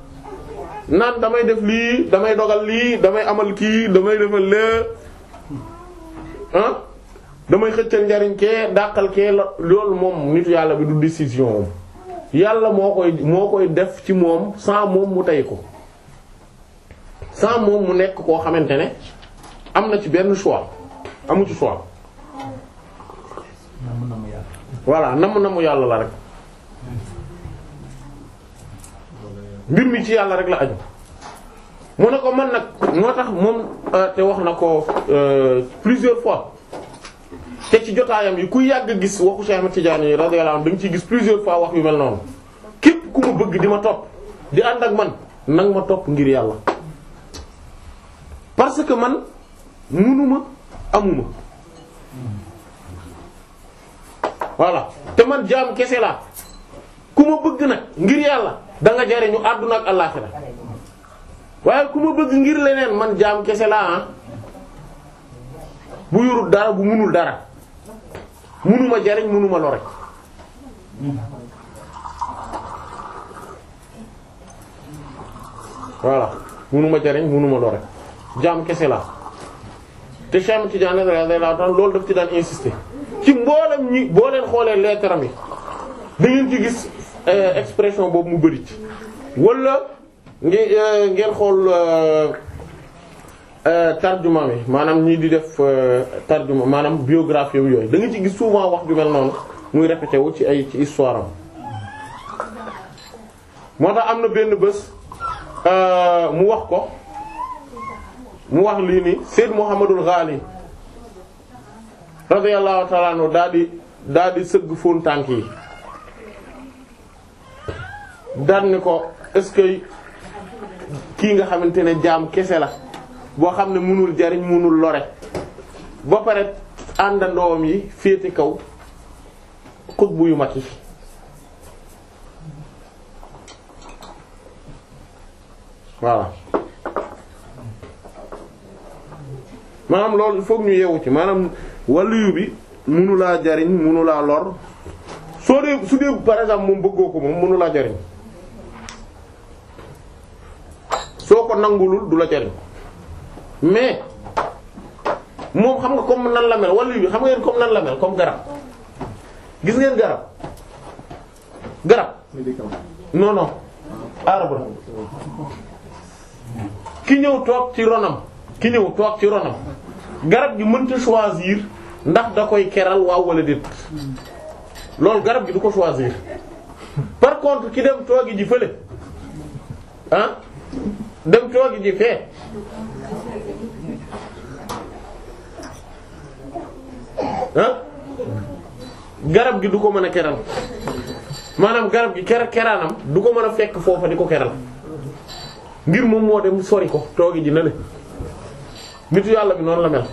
[SPEAKER 2] naan damay def lii damay dogal lii damay amal kii damay defal lee ah. damay xëccal njariñ kee dàqal kee loolu moom nitu yàlla bi du décision yàlla moo koy moo koy def ci moom sans moom mu tey ko sans moom mu nekk koo xamante ne am na ci benn choix amu ci choix. voilà namm namm yàlla la rek mbir mi ci yàlla rek la aju mu ne ko man nag moo tax moom euh, te wax na ko euh, plusieurs fois te ci jotaayam yi ku yàgg gis waxu Cheikh Ahmed Tidiane radiyallahu anhu da nga ciy gis plusieurs fois wax yu mel noonu képp ku ma bëgg di ma topp di ànd ak man nag ma topp ngir yàlla parce que man munuma amuma voilà te man jaam kese laa ku ma bëgg nag ngir yàlla da nga jariñu àdduna ak àllaaxira waaye ku ma bëgg ngir leneen man jaam kese laa ah bu yorul dara bu munul dara munuma jariñ munuma lore voilà munuma jariñ munuma lore jaam kese laa te Cheikh Tidiane radiyallahu ta'ala loolu daf ci daan ci mboolem ñi boo xoolee leetaram mi da ngeen ci gis euh, expression boobu mu bëri ci wala ngi euh, ngeen xool euh, tarjuma mi maanaam ñii di def tarjuma maanaam biographie yu yooyu da nga ci gis souvent wax ju mel noonu muy répété wu ci ay ci histoire am moo tax am na benn bés mu wax ko mu wax lii nii Seyd Mohamadul Ghali radiyallahu ta'ala anhu daal di daal di sëgg fóon tànk yi daal ko est-ce kii nga xamante ne jaam kese la boo xam ne mënul jariñ mënul lore ba pare àndandoom yi féete kaw xutbu yu mag yi voilà maanaam loolu foog ñu yeewu ci maanaam waliyu bi laa jariñ mënulaa lor soo dee su dee par exemple moom bëggoo ko moom mënulaa jariñ soo ko nangulul du la jariñ mais moom xam nga comme nan la mel waliyu bi xam ngeen comme nan la mel comme garab gis ngeen garab garab non ki ñëw toog ci ronam ki ñëw toog ci ronam garab gi mënta choisir ndax da koy keral waaw wala déet loolu garab gi du ko choisir par contre ki dem toogi ji fële ah dem toogi ji fee ah garab gi du ko mën a keral maanaam garab gi ker keraanam du ko mën a fekk foofu di ko keral ngir moom moo dem sori ko toogi ji na le nitu yàlla bi noonu la mel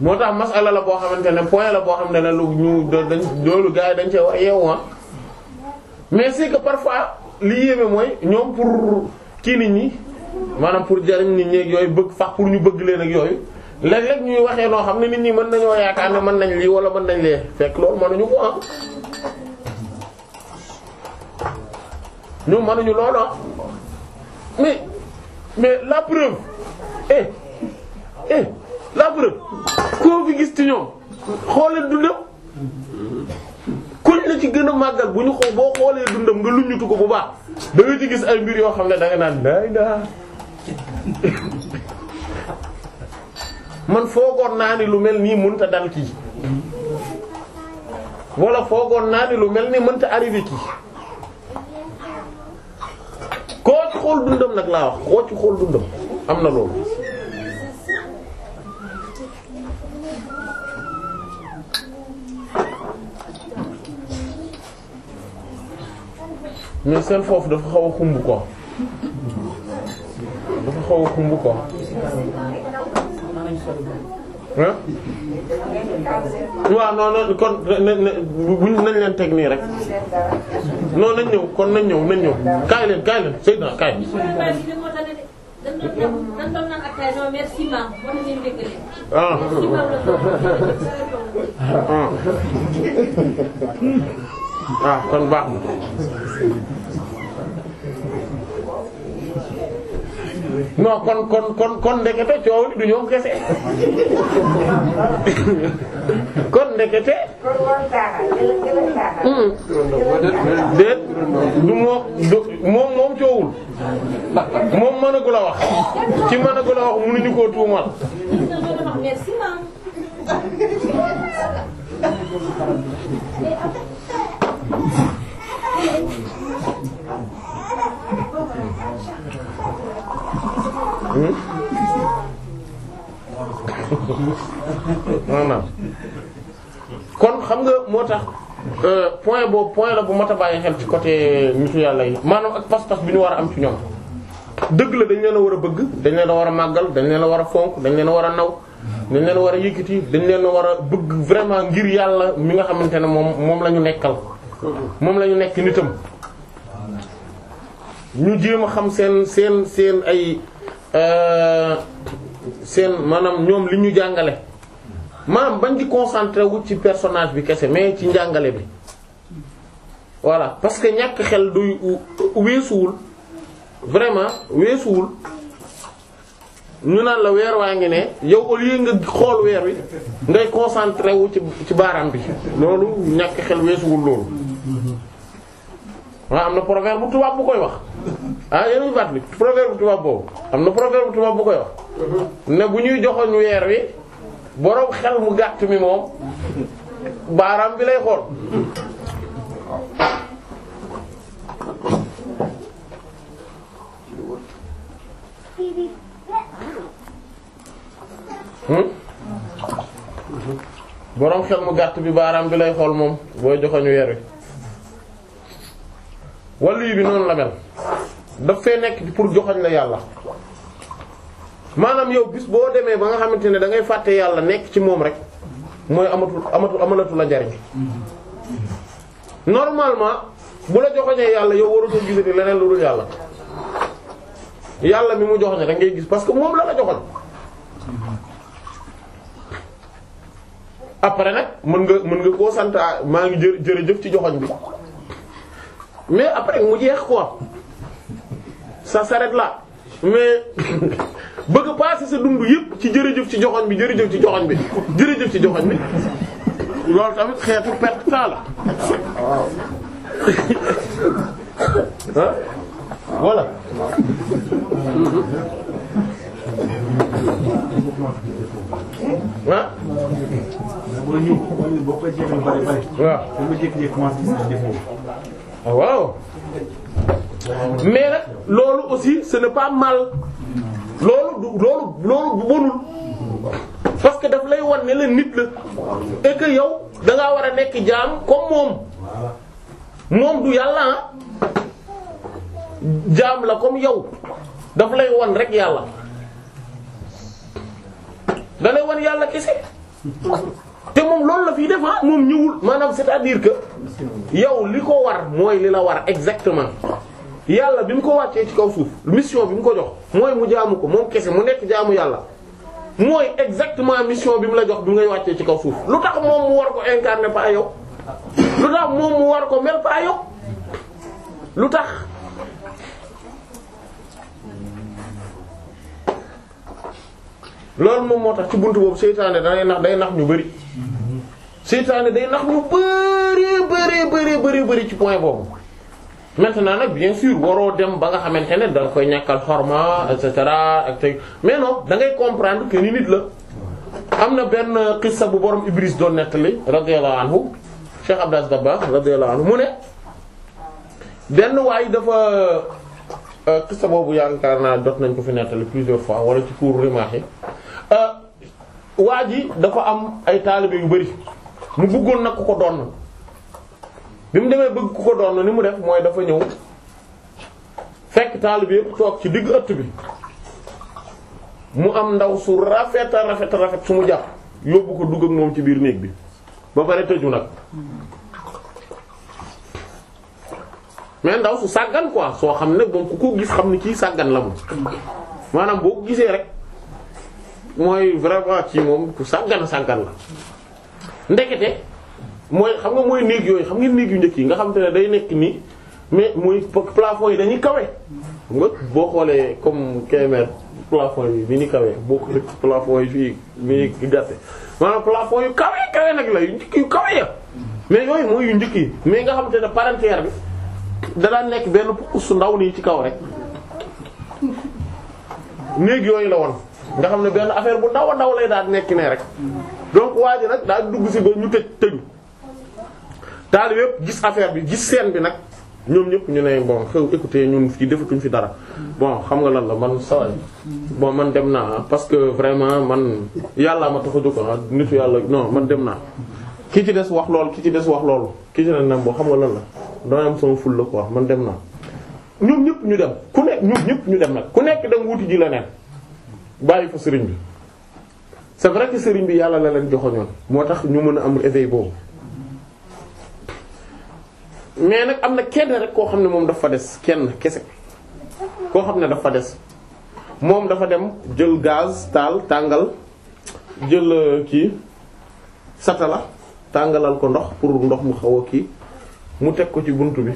[SPEAKER 2] moo tax masala la boo xamante ne point la boo xam ne na lu ñu dañ loolu gars yi dañ cee wax yeewu ah. mais c'est que parfois li yéeme mooy ñoom pour kii nit ñi maanaam pour jariñ nit ñi ak yooyu bëgg fax pour ñu bëgg leen ak yooyu léeg-léeg ñuy waxee noo xam ne nit ñi mën nañoo yaakaar ne mën nañ lii wala mën nañ lee fekk loolu mënuñu ko ah. ñoom mënuñu loolu ah mais mais la preuve eh eh la koo fi gis ci ñoom xoolee dundam koñ la ci gën a màggal bu ñu xoo boo xoolee dundam nga luññutu ko bu baax da ci gis ay mbir yoo xam ne da nga naan day daa man foogoon naa ni lu mel nii mënta a dal kii wala foogoon naa ni lu mel nii mënut a arrivé koo ci xool dundam nag laa wax koo xool dundam am na loolu mais seen foofu dafa xaw a xumb ko dafa xaw xumb ko waaw non non kon buñ nañ leen teg nii rek non nañ ñëw kon nañ ñëw nañ ñëw kaay leen kaay leen sëy naa kaay
[SPEAKER 1] dañ ah ah kon baax na.
[SPEAKER 2] non kon kon kon kon ndekete coow li du ñoom kese kon ndekete. déet du moom moom coowul moom mënagu la wax ci mënagu la wax mënuñu koo tuumal.
[SPEAKER 1] merci maam. maanaam
[SPEAKER 2] kon xam nga moo tax euh, point boobu point la bu mat a bàyyi xel ci côté nitu yàlla yi maanaam ak pas-pas bi ñu war a am ci ñoom dëgg la dañ leen a war a bëgg dañ leen a war a màggal dañ leen war a fonk dañ leen a war a naw dañ leen war a yëkkati dañ leen a war a bëgg vraiment ngir yàlla mi nga xamante ne moom moom lañu ñu nekkal moom lañu nekk nitam ñu jéem a xam seen seen seen ay Euh, seen maanaam ñoom li ñu jàngale maanaam bañ di concentré wu ci personnage bi kese mais ci njàngale bi voilà parce que ñàkk xel du weesuwul vraiment weesuwul ñu naan la weer waa ngi ne yow au lieu nga xool weer wi ngay concentré wu ci ci baaraam bi loolu ñàkk xel weesuwul loolu waaw am na proverbe bu tubaab bu koy wax ah yéen ñu baat bi proverbe bu tubaab boobu am na proverbe bu tubaab bu koy wax ne bu ñuy joxoñ weer wi boroom xel mu gàtt mi moom baaraam bi lay xool hmm? xel mu gàtt bi baaraam bi lay xool moom boo joxoñ weer wi waliyu bi noonu la mel daf fee nekk pour joxoñ la yàlla maanaam yow bis boo demee ba nga xamante ne da ngay fàtte yàlla nekk ci moom rek mooy amatul amatul amalatu la njariñ bu la joxoñee yàlla yow waratoo gisati leneen lu dul yàlla yàlla mi mu joxoñe da ngay gis parce que moom la la joxoñ après nag mën nga mën nga koo sant ah, maa ngi jë jëf ci joxoñ bi mais après mu jeex quoi ça s'arrête là mais bëgg a passer sa dund yëpp ci jërëjëf ci joxoñ bi jërëjëf ci joxoñ bi jërëjëf ci joxoñ bi loolu tamit xeetu perte temps la ah voilà. ah. waaw. Ah, waaw mais loolu aussi ce n'est pas mal loolu du loolu loolu bu bonul parce que daf lay wan ne la nit
[SPEAKER 1] la
[SPEAKER 2] et que yow da ngaa war a nekk jaam comme moom moom du yàlla ah. jaam la comme yow daf lay wan rek yàlla da lay wan yàlla kese. te moom loolu la fii def ah moom ñëwul maanaam c'est-à-dire que yow li ko war mooy li la war exactement yàlla bi mu ko wàccee ci kaw suuf mission bi mu ko jox mooy mu jaamu ko moom kese mu nekk jaamu yàlla mooy exactement mission bi mu la jox bi ngay wàccee ci kaw suuf lu tax moom mu war ko incarner pas yow lu tax moom mu war ko mel pas yow lu tax loolu moom moo tax ci buntu boobu seytaane danay nax day nax ñu bëri seytaane day nax ñu bëri bëri bëri bëri bari ci point boobu maintenant nag bien sûr waroo dem ba nga xamante ne da koy ñàkkal xorma et cetera ak tey mais non da ngay comprendre que ni nit la am na benn xissa bu borom Ibris doo nettali radiyallahu anhu Cheikh Abdas Dabba radiyallahu anhu mu ne benn waay dafa euh, xissa boobu yaakaar naa doot nañ ko fi nettali plusieurs fois wala ci cours remarqué Euh, waa ji dafa am ay taalibe yu bari mu bëggoon nag ku ko donn bi mu demee bëgg ku ko doon ni mu def mooy dafa ñëw fekk taalibe yëpp toog ci diggu ëtt bi mu am ndaw su rafet rafet su mu jàpp yóbbu ko dugg ak moom ci biir néeg bi ba pare tëju nag mais ndaw su sàggan quoi soo xam ne moom ku ko gis xam ne kii sàggan la moom maanaam boo ko gisee rek. mooy vraiment ci moom ku sàggan sàggan la ndekete mooy xam nga mooy néeg yooyu xam nga néeg yu njëkk yi nga xam te ne day nekk nii mais mooy plafond yi dañuy kawe xam boo xoolee comme Kébémer plafond yi ni ñu kawe boo xoolee plafond yi fii ni ñu gàtte maanaam plafond nag la yu njëkk mais yooyu mooy yu njëkk yi mais nga xam te ne parentière bi da nekk benn su ndaw nii ci kaw rek néeg yooyu la woon. nga xam ne benn affaire bu ndaw a ndaw lay daal nekk ne rek donc waa ji nag daal dugg si ba ñu tëj tëju taal yëpp gis affaire bi gis seen bi nag ñoom ñëpp ñu ne bon xew écoutez fii defatuñ fi dara bon xam lan la man saway bon man dem naa parce que vraiment man yàllaa ma tax a jóg ah, nitu yàlla non man dem naa ki ci des wax loolu ci des wax loolu ki ci des nag boo la dooy am sama ful man dem naa ñoom ñëpp ñu dem ku nekk ñoom ñëpp ñu dem nag ku nekk dem wuti ji leneen bàyyi fa sëriñ bi c'est vrai que sëriñ bi yàlla la leen joxoñoon moo tax ñu mën a am éveil boobu mais nag am na kenn rek koo xam ne moom dafa des kenn kese koo xam ne dafa des moom dafa dem jël gaz taal tàngal jël euh, kii satala tàngalal ko ndox pour ndox mu xaw a kii mu teg ko ci bunt bi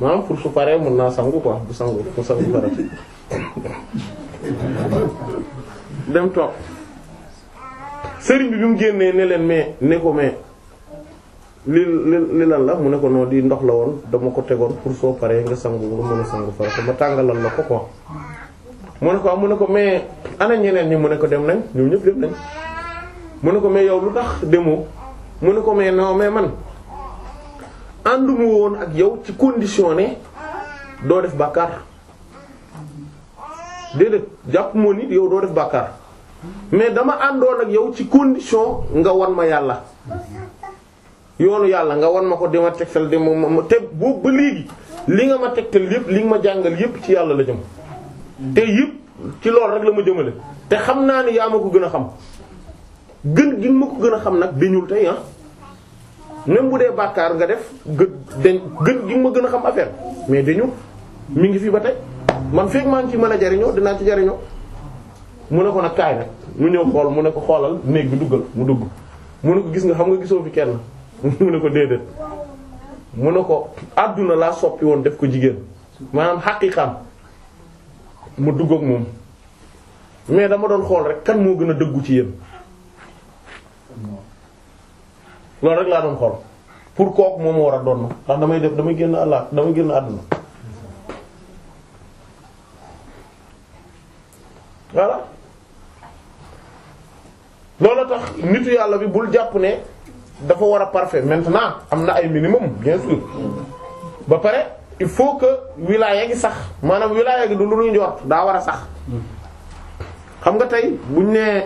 [SPEAKER 2] maam pour su paree mën naa sangu quoi bu sangu mu sangu farati dem toog sëriñ bi bi mu génnee ne leen mais ne ko mais li li li lan la mu ne ko noo di ndox la woon dama ko tegoon pour soo paree nga sangu nga mën a sangu farata ma tàngalal la ko ko mu ne ko ah, mu ne ko mais ana ñeneen ñi mu ne ko dem nañ ñoom ñëpp dem nañ mu ne ko mais yow lu tax demoo mu ne ko mais non mais man ànduma woon ak yow ci condition ne doo def bàkkaar déedéet jàpp moo ni yow doo def bàkkaar mais dama àndoon ak yow ci condition nga wan ma yàlla yoonu yàlla nga wan ma ko di ma tegtal di ma ma teg boobu ba léegi li nga ma tegtal yépp li nga ma jàngal yépp ci yàlla la jëm te yépp ci loolu rek la ma jëmale te xam naa ni yaa ma ko gën a xam gën gin ma ko gën a xam nag dañul tey ah même bu dee bàkkaar nga def gën dañ gën ma gën a xam affaire mais dañu mi ngi fi ba tey man feeg maa ngi ci mën a jariñoo dinaa ci jariñoo mu ne ko nag kaay nag mu ñëw xool mu ne ko xoolal néeg bi duggal mu dugg mu ne ko gis nga xam nga gisoo fi kenn mu ne ko déedéet mu ne ko àdduna laa soppi woon def ko jigéen maanaam xaqiiqaam mu dugg ak moom mais dama doon xool rek kan moo gën a dëggu ci yéen loolu rek laa doon xool pour kook moom war a doon ndax damay def damay génn àlla damay génn àdduna voilà loolu tax nitu yàlla bi bul jàpp ne dafa war a parfait maintenant am na ay minimum bien sûr ba pare il faut que wilaya gi sax maanaam wilaya gi du lu ñuy njort daa war a sax xam nga tey buñ nee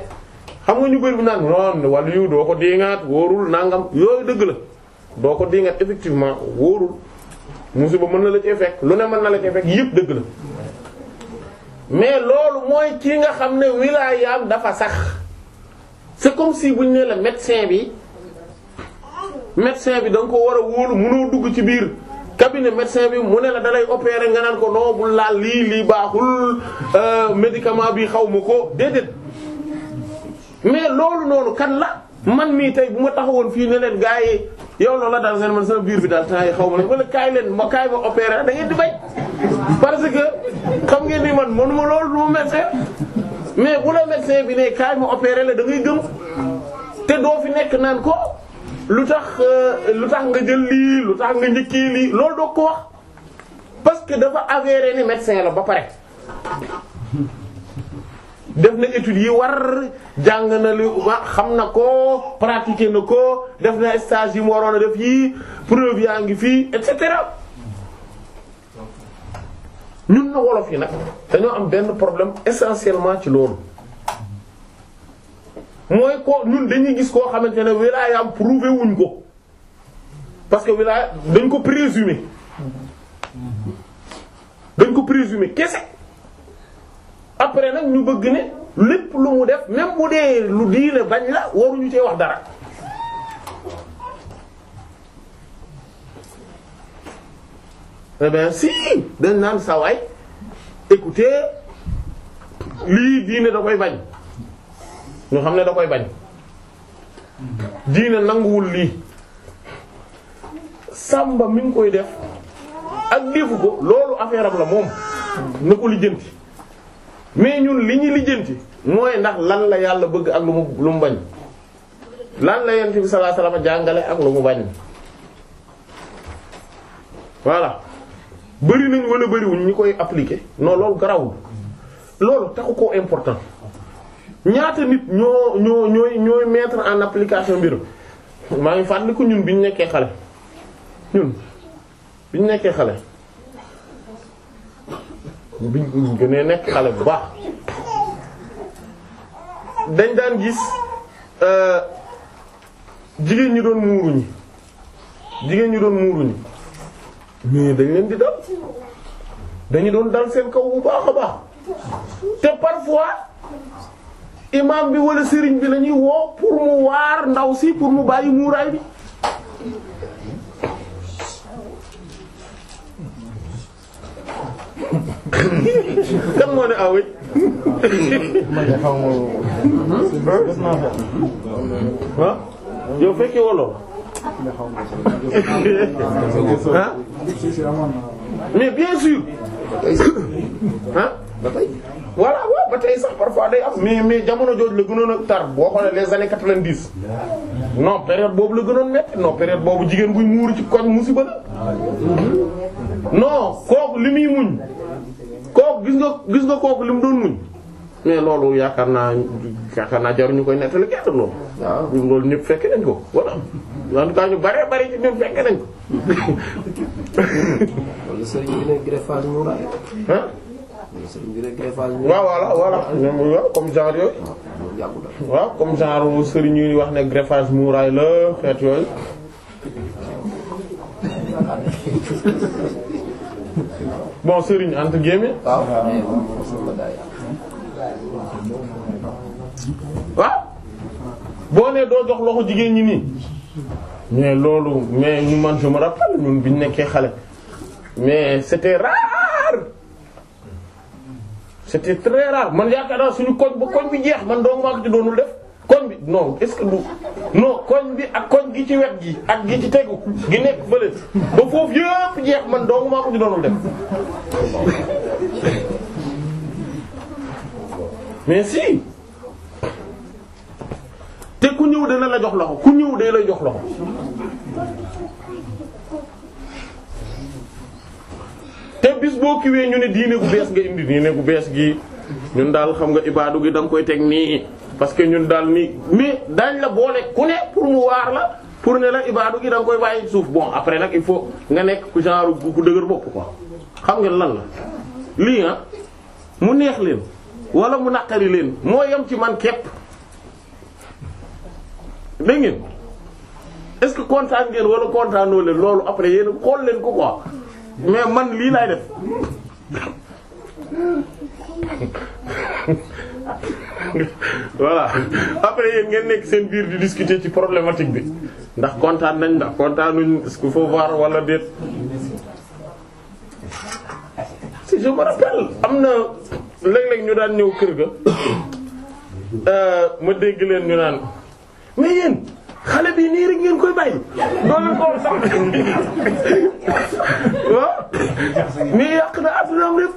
[SPEAKER 2] xam nga ñu bëri bu naan noon wala yu doo ko diingaat wóorul nangam yooyu dëgg la doo ko diingaat effectivement wóorul musiba mën na la ci lu ne mën na la ci fekk yëpp dëgg la mais loolu mooy ki nga xam ne wilaayaam dafa sax c'est comme si buñ ne la médecin bi médecin bi danga ko war a wóolu mënoo dugg ci biir cabinet médecin bi mu ne la dalay opérer nga naan ko non laal lii lii baaxul euh, médicament bi xaw ma ko déedéet mais loolu noonu kan la man mii tey bu ma taxawoon fii ne leen gars yi yow loola daal ngeen man sama biir bi daal temps yi xaw ma la wala kaay leen ma kaay ma opéré da ngeen di bañ parce que xam ngeen ni man mënuma loolu du ma médecin mais bu la médecin bi ne kaay ma opéré la da ngay te doo fi nekk naan ko lu tax euh, lu tax nga jël lii lu tax nga njëkkee lii loolu doo ko wax parce que dafa avéré ni médecin la ba pare def na études yi war jàng na li xam na ko pratiquer na ko def na stage yi mu waroon a def yii preuve yaa ngi fii et cetera ñun na wolof yi nag dañoo am benn problème essentiellement ci loolu mooy ko ñun dañuy gis koo xamante ne wilaayam prouvé wuñ ko parce que wilaaya dañ ko présumer dañ ko présumer kese après nag ñu bëgg ne lépp lu mu def même bu dee lu diine bañ la waruñu cee wax dara eh bien si dañ naan sawaay écoutez lii diine da koy bañ ñu xam ne da koy bañ diine nanguwul lii sàmba mi ngi koy def ak defu ko loolu affaire la moom na ko lijjanti mais ñun li ñu lijjanti mooy ndax lan la yàlla bëgg ak lu mu lu mu bañ lan la yonent bi sallallahu alayhi wasallam jàngale ak lu mu bañ voilà bëri nañ wala bëriwuñ ñu koy appliquer non loolu garawul loolu taxu ko important ñaata nit ñoo ñoo ñooy ñooy en application mbiru maa ngi fàttaliku ñun bi ñu nekkee xale ñun bi ñu nekkee xale bi ñu gënee nekk xale bu baax dañ daan gis euh, jigéen ñi doon muuru ñi jigéen ñi doon muuru ñi mais dañ leen di dal dañu doon dal seen kaw bu baax a baax te parfois imam bi wala sëriñ bi lañuy woo pour mu waar ndaw si pour mu bàyyi muuraay bi kan moo ne awëy ah yow fekkee wolof ah mais bien sûr ah voilà waaw ba tey sax parfois day am mais mais jamono jooju la gënoon a tar boo xoolee les années quatre-vingt-dix non boobu la gënoon metti non période boobu jigéen buy muuru ci koñ musiba la non kooku li muñ oo gis nga gis nga kooku li mu doon muñ mais loolu yaakaar naa yaakaar naa jaruñu koy nettali kenn loolu. loolu ñëpp fekke nañ ko wala en tout fekke nañ ko. wala sëriñ bi ne greffage mu raay. ah. mu raay. waaw comme genre yooyu. Ah, waaw comme genre sëriñ yi wax ne greffage mu la xeet yooyu. bon sëriñ entre guillemets waaw waaw boo nee doo jox loxo jigéen ñi nii mais loolu mais ñu man je me rappelle ñun biñ nekkee xale mais c'était rare c'était très rare man yaakaar naa suñu koñ bu koñ bi jeex man doo maa ko ci doonul def koñ bi non est-ce que du non koñ bi ak koñ gi ci wet gi ak gi ci tegu gi nekk fële ba foofu yëpp jeex man doomu maa ko ci doonul dem mais si te ku ñëw dana la jox loxo ku ñëw day la jox loxo te bis boo kiwee ñu ne diine gu bees nga indi diine gu bees gi ñun daal xam nga ibaadu gi da koy teg nii parce que ñun daal ni mais daañ la boole ku ne pour mu waar la pour ne la ibaadu ki da nga koy bàyyi suuf bon après nag il faut nga nekk ku genre ku dëgër bopp ko xam nga lan la lii ah mu neex leen walla mu naqari leen moo yam ci man képp dégg ngeen est-ce que kontaan ngeen wala kontaanoo leen loolu après yéen xool leen ko mais man lii laay
[SPEAKER 1] def
[SPEAKER 2] voilà après yéen ngeen nekk seen biir di discuter ci problématique bi ndax kontaan nañ ndax kontaanuñ est-ce qu'il faut voir wala déet. si je me rappelle am na léeg-léeg ñu daan ñëw kër ga euh, ma dégg leen ñu naan mais yéen. xale bi nii rek ngeen koy bàyyi doole xool sax waaw
[SPEAKER 1] oh.
[SPEAKER 2] mais yàq na addunaam lépp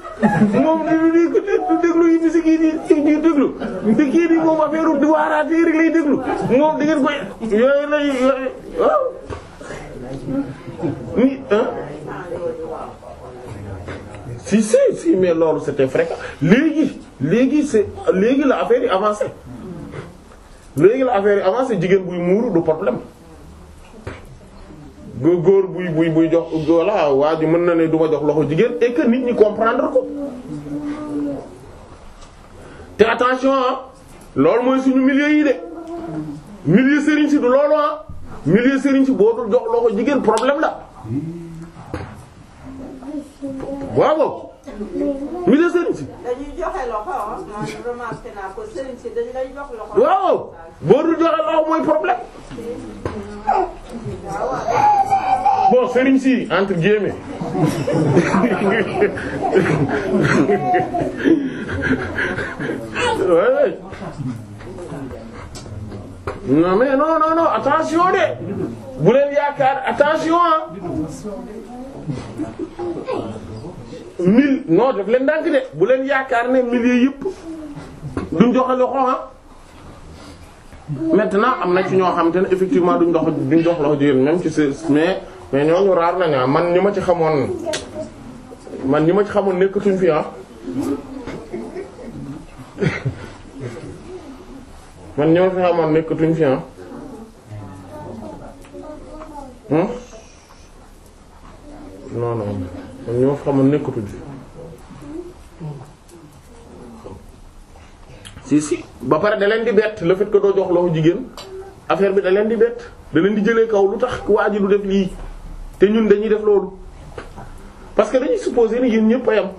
[SPEAKER 2] moom du déglu yi musique yi di déglu di di moom affaire di moom di koy yooyu lay yooyu
[SPEAKER 1] waaw oh. ni
[SPEAKER 2] si si si mais loolu c'était fréquent léegi léegi c'est la affaire avancé léegi la affaire yi avancé jigéen buy muuru du problème góor buy buy buy jox voilà waa ji mën na ne du ma jox loxo jigéen et que nit ñi comprendre ko te attention ah loolu mooy suñu milieu yi de milieu sëriñ si du loolu ah milieu sëriñ si boo dul jox loxo jigéen problème la waaw. mi de sëriñ si. si
[SPEAKER 1] dañu lay jox loxo. waaw
[SPEAKER 2] boo du joxe loxo mooy si entre guillemets non mais non non non attention de bu leen yaakaar attention ah. mil non daf leen dànk de bu leen yaakaar ne mil yooyu yëpp duñ joxe loxo ah. maintenant am na ci ñoo xam te ne effectivement duñ dox duñ dox loxo jigéen même ci si mais mais ñooñu raar nañu ah. man ñi ma ci xamoon man ñi ma ci xamoon nekkatuñ fi ah. man ñi ma fi xamoon nekkatuñ fi ah. Hmm? non non. ñoom ñoo xamoon nekkatul fi si si ba pare da leen di bett le fait doo jox loxo jigéen affaire bi da di bett da di jëlee kaw lu tax waa ji du def lii te ñun dañuy def loolu parce que dañuy supposer ni yéen ñëpp yam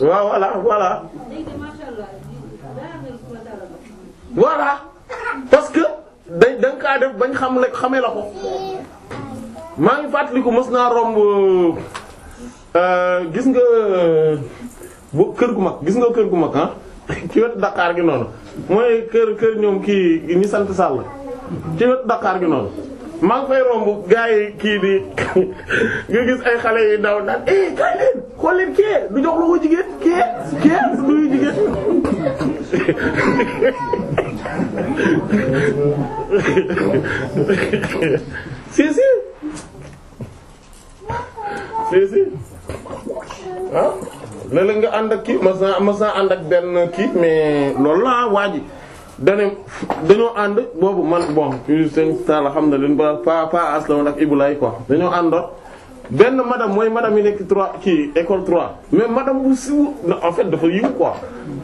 [SPEAKER 2] waaw voilà voilà. voilà parce que day da nga def bañ xam le xamee la ko maa ngi fàttaliku mës naa romb euh, gis nga bu kër gu mag gis nga kër gu mag ah ci wetu Dakar gi noonu mooy kii ñi sant Sall ci noonu maa ngi fay romb gars kii di nga gis ay xale yi ndaw naan eh leen xool leen kii du jox loxo jigéen kii
[SPEAKER 1] kii du jigéen. si si si si
[SPEAKER 2] ah nga ànd ak kii mas naa mas naa ànd ak benn kii mais la laa waaji dane dañoo ànd boobu man bon u sëñ taal xam na leen ba pa pa aslam ak ibulay quoi dañoo àndoon benn madame mooy madame yi nekk trois kii école trois mais madame bu siw en fait dafa yiw quoi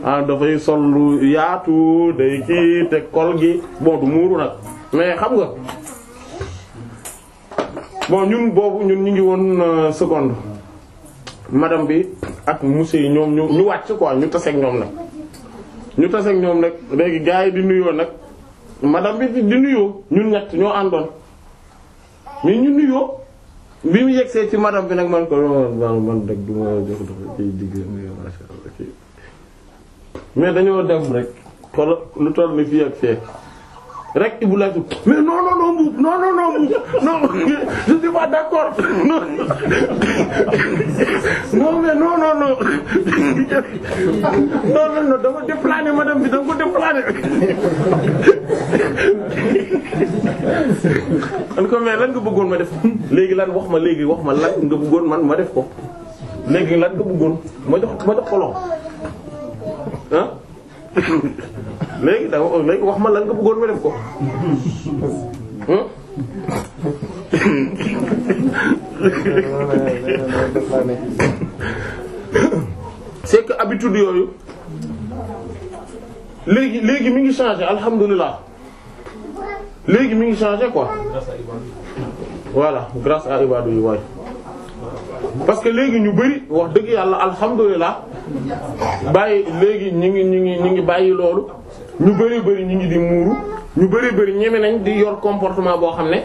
[SPEAKER 2] ah dafay sol lu yaatu day kii te kol gi bon du muuru nag mais xam nga bon ñun boobu ñun ñu ngi woon euh, seconde madame bi ak monsieur yi ñoom ñu ñu wàcc quoi ñu taseeg ñoom nag ñu taseeg ñoom nag léegi gars yi di nuyoo nag madame bi di nuyoo ñun ñett ñoo àndoon mais ñu nuyoo bi mu yegsee ci madame bi nag man ko man man rek du ma jox dafa ciy digg macha allah mais dañoo dem rek xoolal lu toll ni fii ak fee. rek Ibou Laye mais
[SPEAKER 1] non non non Mboup non non non Mboup non je suis pas d'accord non
[SPEAKER 2] non mais non non non non non non dama déplané madame bi dama ko déplané. man ko mais lan nga bëggoon ma def léegi lan wax ma léegi wax ma lan nga bëggoon man ma def ko léegi lan nga bëggoon ma jox ma jox ko loxo ah. léegi da léegi wax ma la nga bëggoon ma def ko c'est que habitude yooyu léegi léegi mi ngi changer alhamdulilah léegi mi ngi changer quoi voilà grâce à Ibadou parce que léegi ñu bëri wax dëgg yàlla alhamdulilah bàyyi léegi ñu ngi ñu ngi ñu ngi bàyyi loolu ñu bëri bari ñu ngi di muuru ñu bëri bari ñeme nañ di yor comportement boo xam ne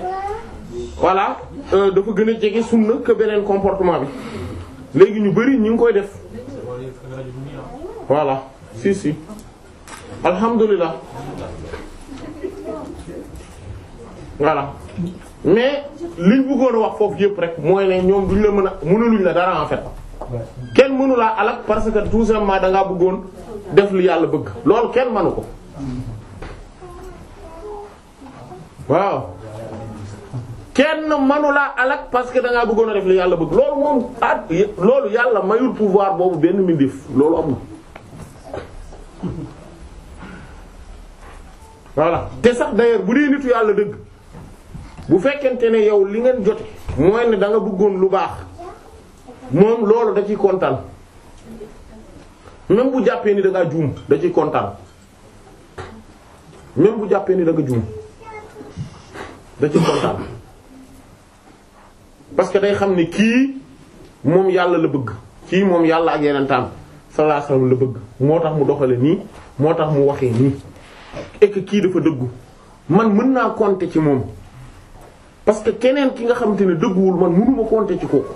[SPEAKER 2] voilà euh, dafa gën a jege sunna que beneen comportement bi léegi ñu bëri ñu ngi koy def voilà si si alhamdulilah mais liñ bëggoon a wax foofu yëpp rek mooy ne ñoom duñ la mën a mënuluñ la dara en fait kenn mënu laa alak parce que tout simplement bëggoon def lu yàlla bëgg loolu kenn mënu ko waaw kenn mënu laa alak parce que da bëggoon a def yàlla bëgg loolu moom at ah, loolu yàlla mayul pouvoir boobu benn mbindeef loolu amul. voilà te sax d'ailleurs bu dee nitu yàlla dëgg. bu fekkente ne yow li ngeen jot mooy ne danga bëggoon lu baax moom loolu da ciy kontaan même bu jàppee ni da juum da ciy kontaan même bu jàppee ni da nga juum da ciy kontaan parce que day xam ne kii moom yàlla la bëgg kii moom yàlla ak yeneen taam sallallahu la bëgg moo tax mu doxale nii moo tax mu waxee nii et que kii dafa dëggu man mën naa compter ci moom. parce que keneen ki nga xamante ne dëgguwul man mënuma compter ci kooku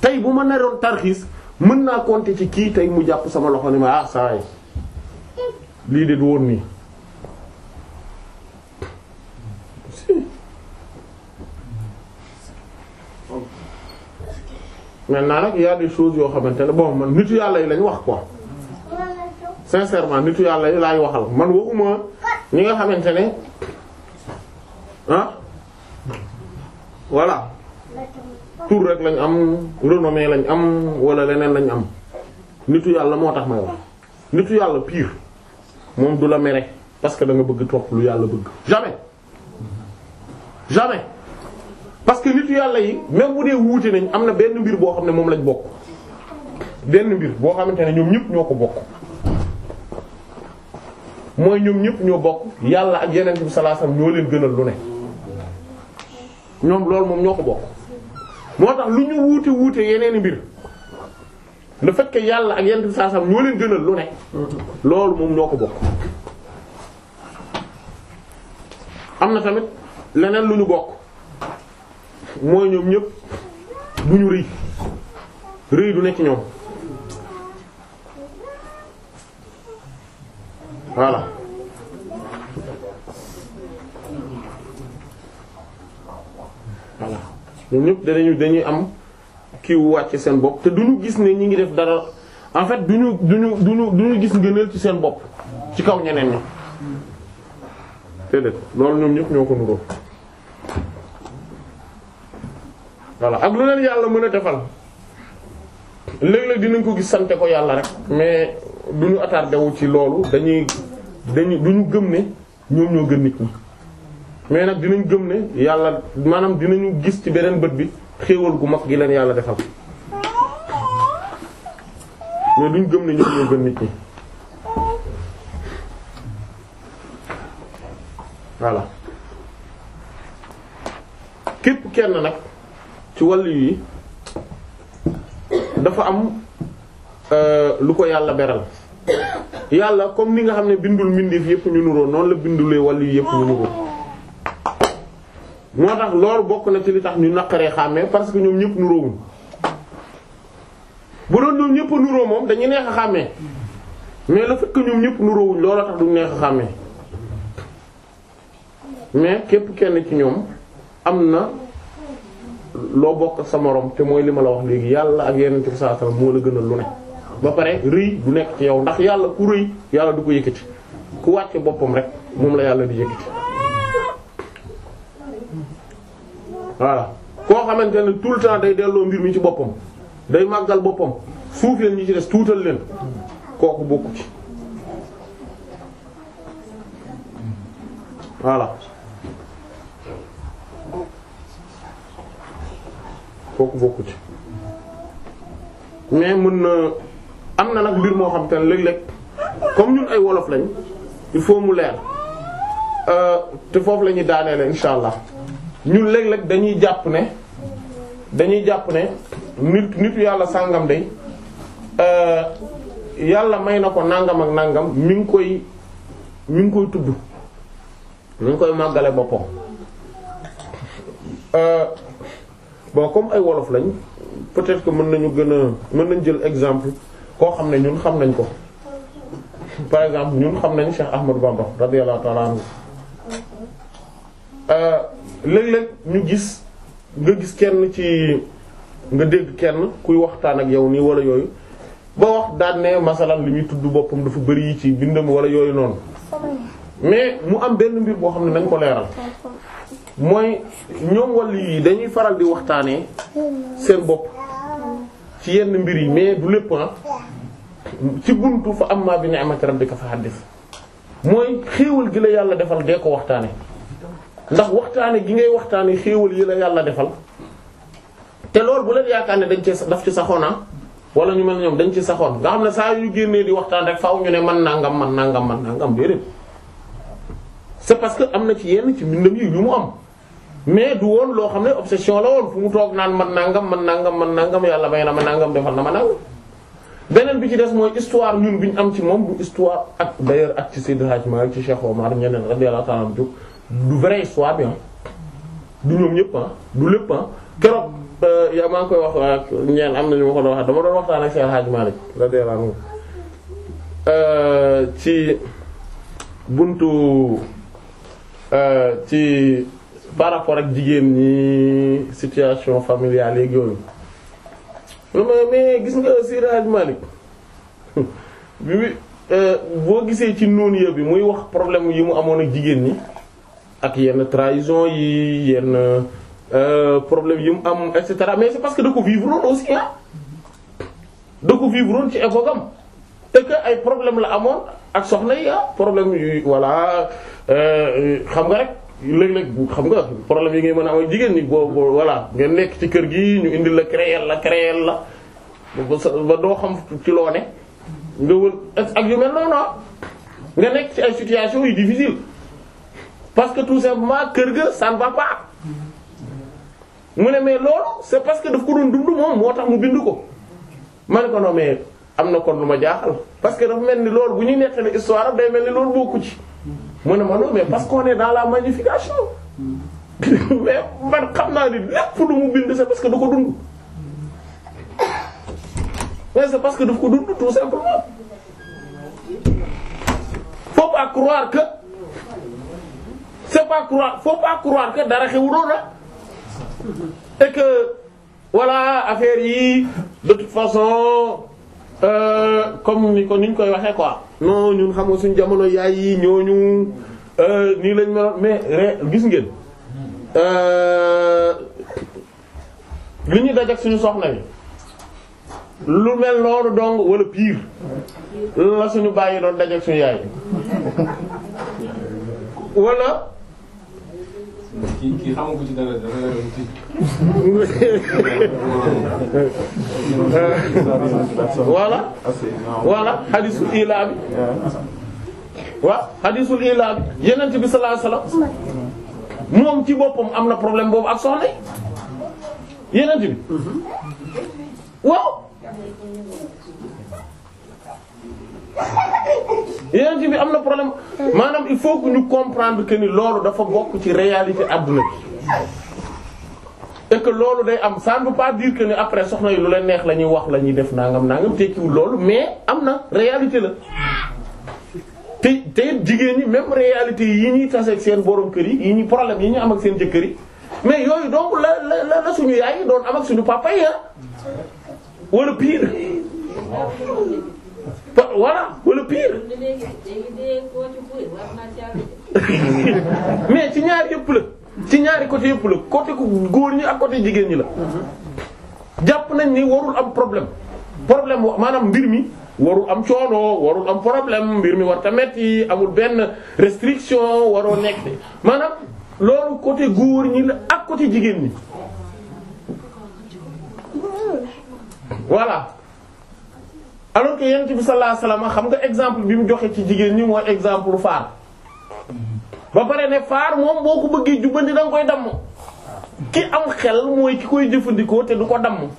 [SPEAKER 2] tey bu ma naroon tarxiis mën naa compter ci kii tey mu jàpp sama loxo ni ma ah saa lii de du woon nii. maintenant nag y a des yoo xamante ne bon man nitu yàlla yi lañ wax ko sincèrement nitu yàlla yi laay waxal man waxuma ñi nga xamante ne ah. voilà tour rek lañ am renommée lañ am wala leneen lañ am nitu yàlla moo tax may wax nitu yàlla piir moom du la mere parce que da bëgg topp lu yàlla bëgg jamais jamais parce que nitu yàlla yi même bu dee wuute nañ am na benn mbir boo xam ne moom lañ bokk benn mbir boo xamante ne ñoom ñëpp ñoo ko bokk mooy ñoom ñëpp ñoo bokk yàlla ak yeneen bi sallallahu alayhi wasallam ñoo leen gënal lu ne ñoom loolu moom ñoo ko bokk moo tax lu ñu wuute wuute yeneen i mbir le fait yàlla ak yenn saa sam ñoo leen gënal lu ne loolu moom ñoo ko bokk am na tamit leneen lu ñu bokk mooy ñoom ñépp du ñu rëy rëy du nekk ñoom voilà ñoom ñëpp danañu dañuy am kii wàcc seen bopp te duñu gis ne ñi ngi def dara en fait ñu duñu duñu duñu gis ngëneel ci seen bopp ci kaw ñeneen ñi te dé ko nuróo voilà ak lu leen yàlla mën a defal léeg-léeg dinañ ko gis sante ko yàlla rek mais duñu attardé wu ci loolu dañuy dañu duñu gëm ne ñoom ñoo gën nit ñi mais nag dinañ gëm ne yàlla maanaam dinañu gis ci beneen bët bi xéewal gu mag gi leen yàlla defal mais duñ gëm ne ñoom ñoo gën nit ñi voilà képp kenn nag ci wàll yi dafa am euh, lu ko yàlla beral yàlla comme ni nga xam ne bindul mbindeef yépp ñu nuroo noonu la bindulee wàll yi yépp ñu nuroo moo tax loolu bokk na ci li tax ñu naqaree xàmmee parce que ñoom ñëpp nuróowuñ bu doon ñoom ñëpp moom dañuy neex a xàmmee mais le fait que ñoom ñëpp neex a xàmmee mais képp kenn ci ñoom am na loo bokk sa morom te mooy li ma la wax léegi yàlla ak yeneen ci saa moo la gënal lu ne ba pare rëy du nekk ci yow ndax yàlla ku rëy yàlla du ko yëkkati ku wàcce boppam rek moom la yàlla di yëkkati. voilà koo xamante ne tout le temps day delloo mbir mi ci boppam day màggal boppam suufeel ñi ci des tuutal leen kooku bokku kooku bokku mais mën na am na nag mbir moo xam te ne léeg-léeg comme ñun ay wolof lañ il faut mu leer euh, te foofu la ñuy daaneel incha allah. ñun léeg-léeg dañuy jàpp ne dañuy jàpp ne nit nitu yàlla sàngam day euh, yàlla may na ko nàngam ak nàngam mi ngi koy mi ngi koy tudd mi ngi koy màggale boppam euh, bon comme ay wolof lañ peut-être que mën nañu gën a mën nañ jël exemple koo xam ne ñun xam nañ ko par exemple ñun xam nañ Cheikh Ahmadou Bamba radiyallahu ta'ala anhu euh, léeg-léeg ñu gis nga gis kenn ci nga dégg kenn kuy waxtaan ak yow nii wala yooyu ba wax daan ne masalan li tudd boppam dafa bëri yi ci bindam wala yooyu noonu mais mu am benn mbir boo xam ne nañ ko leeral mooy ñoom wàll yi dañuy faral di waxtaanee seen bopp ci yenn mbir yi mais du lépp ah. ci buntu fa amma bi ni'mati rabbika fa haddith mooy xéewal gi la yàlla defal dee ko waxtaanee. ndax waxtaane gi ngay waxtaane xéewal yi la yàlla defal te loolu bu leen yaakaar ne dañ ci daf ci saxoona ah, wala ñu mel ñoom dañ ci saxoon nga xam ne saa yu génnee di waxtaan rek faaw ñu ne man nangam man nangam man nangam déedéet c'est parce que am na ci yenn ci mbindam yi yu mu am mais du woon loo xam ne obsession la fu mu toog naan man nangam man nangam man nangam yàlla may na ma nangam defal na ma nangam. beneen bi ci des mooy histoire ñun bi ñu am ci moom du histoire ak d'ailleurs ak ci Seydi Hadji Malick ci Cheikh Omar ñeneen radiyallahu ta'ala anhu du vrai histoire bi du ñoom ñëpp ah du lépp ah euh, yaa maa koy wax ak euh, ñeen am na ñu ma ko doon wax dama doon waxtaan ak Cheikh Hadj Malick radiyallahu anhu euh, ci buntu ci par rapport ak jigéen ñi situation familiale yeeg yooyu mais gis nga Cheikh Hadj Malick boo gisee ci noonu bi muy wax problème yi mu amoon ak jigéen ñi. ak yenn trahison yi yenn euh, problème yi mu am et cetera mais c'est parce que da ko vivre woon aussi ah da ko vivre ci époque te que ay problème la amoon ak soxna yi ah problème yu voilà euh, xam nga rek léeg-léeg xam nga problème yi ngay mën a am jigéen ñi boo boo voilà nekk ci kër gi ñu indil la créer la créel la ba doo xam ci loo nga wër ak yu mel noonu nga nekk ci ay situation yu difficile parce que tout simplement kër ga ça ne va pas mu ne mais loolu c'est parce que daf ko doon dund moom moo tax mu bind ko ma ne ko non mais am na kon lu ma jaaxal parce que dafa mel ni loolu bu ñuy nettali histoire day mel ni loolu bokku ci mu ne ma non mais parce qu'on est dans la magnification mais man xam naa ni lépp lu mu bind c'est parce que du ko dund mais c'est parce que daf ko dund tout simplement faut pas croire que c'est pas croire faut pas croire que dara xewuloon la et que voilà affaire yi de toute façon euh, comme ni ko ni ñu koy waxee quoi. non ñun xam nga suñu jamono yaay yi ñooñu euh, nii lañ ma mais ré gis ngeen euh, li ñuy daj ak suñu soxna yi lu mel loolu dong wala pire la suñu bàyyi doon daj ak suñu yaay wala. kii kii xamagu ci dara dara dara lu ci. voilà. bi. waaw bi yonent bi moom ci boppam am na problème boobu ak soxna yi bi mhm. waaw. yonent bi am na problème maanaam il faut que ñu comprendre que ni loolu dafa bokk ci réalité adduna bi et que loolu day am ça ne veut pas dire que ni après soxna yi lu leen neex la ñuy wax la ñuy def nangam nangam tekkiwul loolu mais am na réalité la te te jigéen ñi même réalité yi ñuy tase seen borom kër yi yi ñu problème yi ñu am ak seen jëkkër yi mais yooyu donc la la la suñu yaay doon am ak suñu papa yi ah. wala pire. voilà wala pire. mais ci ñaar yëpp la ci ñaari côté yëpp la côté ku góor ñi ak côté jigéen ñi la. jàpp nañ ni warul am problème problème maanaam mbir mi warul am coono warul am problème mbir mi war tamit yi amul benn restriction waroo nekk maanaam loolu côté góor ñi la ak côté jigéen ñi voilà. alors que yonent bi sallallahu alayhi wasallam xam nga exemple bi mu joxee ci jigéen ñi mooy exemple faar ba pare ne faar moom boo ko bëggee jubal da nga koy damm ki am xel mooy ki koy jëfandikoo te du ko damm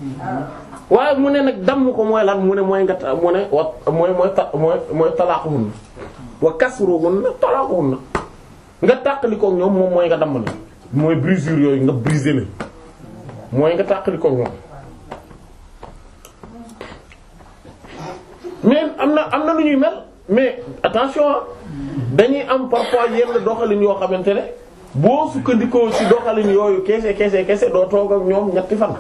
[SPEAKER 2] waaye mu ne nag damm ko mooy lan mu ne mooy nga mu ne wa mooy mooy mooy mooy talaaxuhun wa kasruhun talaaxuhun nga tàqalikook ñoom moom mooy nga damm la mooy brisure yooyu nga brisé la mooy nga tàqalikook ñoom mais am na am na lu ñuy mel mais attention dañuy am parfois yenn doxalin yoo xamante ne boo sukkandikoo si doxalin yooyu kese kese kese doo toog ak ñoom ñetti fan.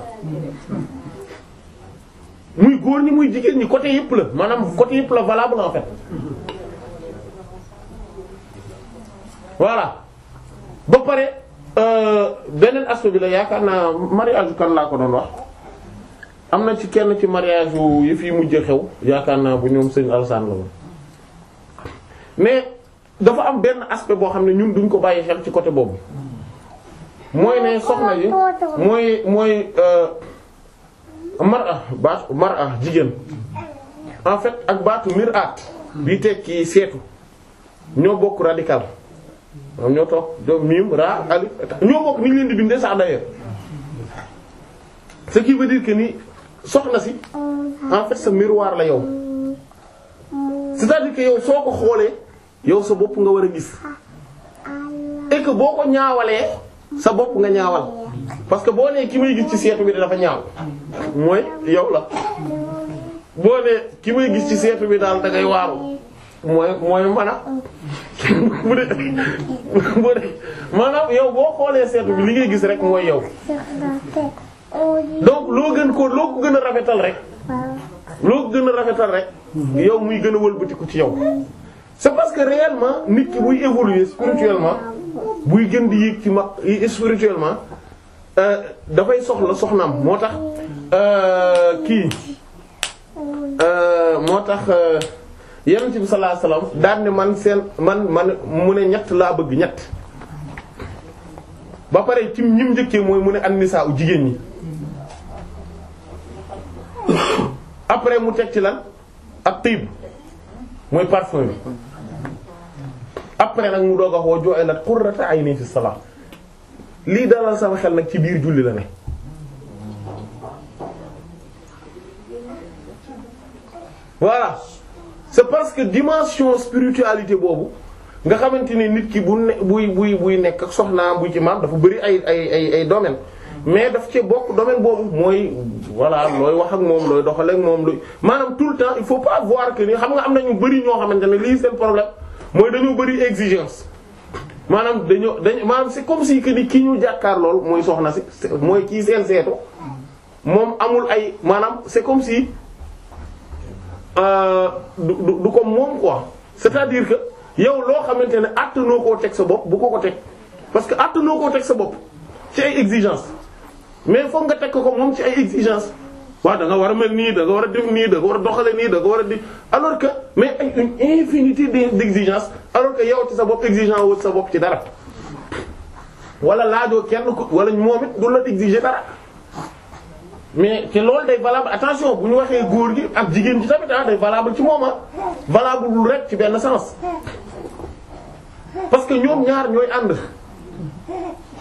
[SPEAKER 2] muy góor ñi muy jigéen ñi côté yëpp la maanaam côté yëpp la valable en fait voilà ba pare euh, beneen aspect bi la yaakaar naa mariage kan laa ko doon wax. am na ci kenn ci mariage yu yëf yi mujj xew yaakaar naa bu ñoom sëñ Alassane la woon mais dafa am benn aspect boo xam ne ñun duñ ko bàyyi xel ci côté boobu
[SPEAKER 1] mooy ne soxna yi mooy
[SPEAKER 2] mooy euh, mar'a baatu mar'a jigéen en fait ak baatu mir'at bi tekki seetu ñoo bokk radical am ñoo toog ñoo bokk ni leen di bindee sax d'ailleurs ce qui veut dire que soxna si
[SPEAKER 1] en
[SPEAKER 2] fait sa miroir la yow c'est-à-dire que soo ko xoolee yow sa bopp nga war a gis et boo ko ñaawalee sa bopp nga ñaawal parce que boo nee ki may gis ci seetu bi dafa ñaaw yow la boo ki may gis ci seetu bi daal da ngay waaru mooy mooy man a ah. bu dee bu dee yow boo xoolee seetu bi li ngay gis rek mooy yow.
[SPEAKER 1] donc loo gën ko loo
[SPEAKER 2] ko gën a rafetal rek loo ko gën a rafetal rek yow muy gën a wëlbatiku ci yow c'est parce que réellement nit ki buy évoluer spirituellement buy gën di yéeg ci ma spirituellement euh, dafay soxla soxnaam moo tax euh, kii euh, moo tax yonent bi sallallahu alayhi daan ne man seen man man mu ne ñett laa bëgg ñett ba pare ci ñim njëkkee mooy mu ne an nisaa u jigéen ñi après mu teg ci lan ak tib mooy parfum bi après nag mu doog a xoo ju'ilat qurrata ayni fi salat lii dalal sama xel nag ci biir julli la ne voilà c'est parce que dimension spiritualité boobu nga xamante ni nit ki bu ne buy buy buy nekk ak soxnaam buy ci maam dafa bari ay ay ay ay mais daf ci bokk domaine boobu mooy voilà looy wax ak moom looy doxale ak moom looy maanaam tout le temps il faut pas voir que ni xam nga am na ñu bari ñoo xamante ne lii seen problème mooy dañoo bari exigence maanaam dañoo dañ maanaam c'est comme si que ni ki ñu jàkkaar mooy soxna si mooy kii seen seetu moom amul ay maanaam c'est comme si euh, du du ko moom quoi c'est-à-dire que yow loo xamante ne àttanoo koo teg sa bopp bu ko ko teg parce que noo koo teg sa bopp ci ay exigence mais foog nga teg ko moom ci ay exigence waaw da war a mel nii da war a def nii da nga war a doxale nii da war a di alors que mais ay une infinité d'exigences alors que yow ci sa bopp exigeant wu sa bopp ci dara wala laajoo kenn ko wala moom it du la exiger dara mais ci loolu day valable attention bu ñu waxee góor gi ak jigéen ji tamit ah day valable ci moom ah valable wul rek ci benn sens parce que ñoom ñaar ñooy ànd.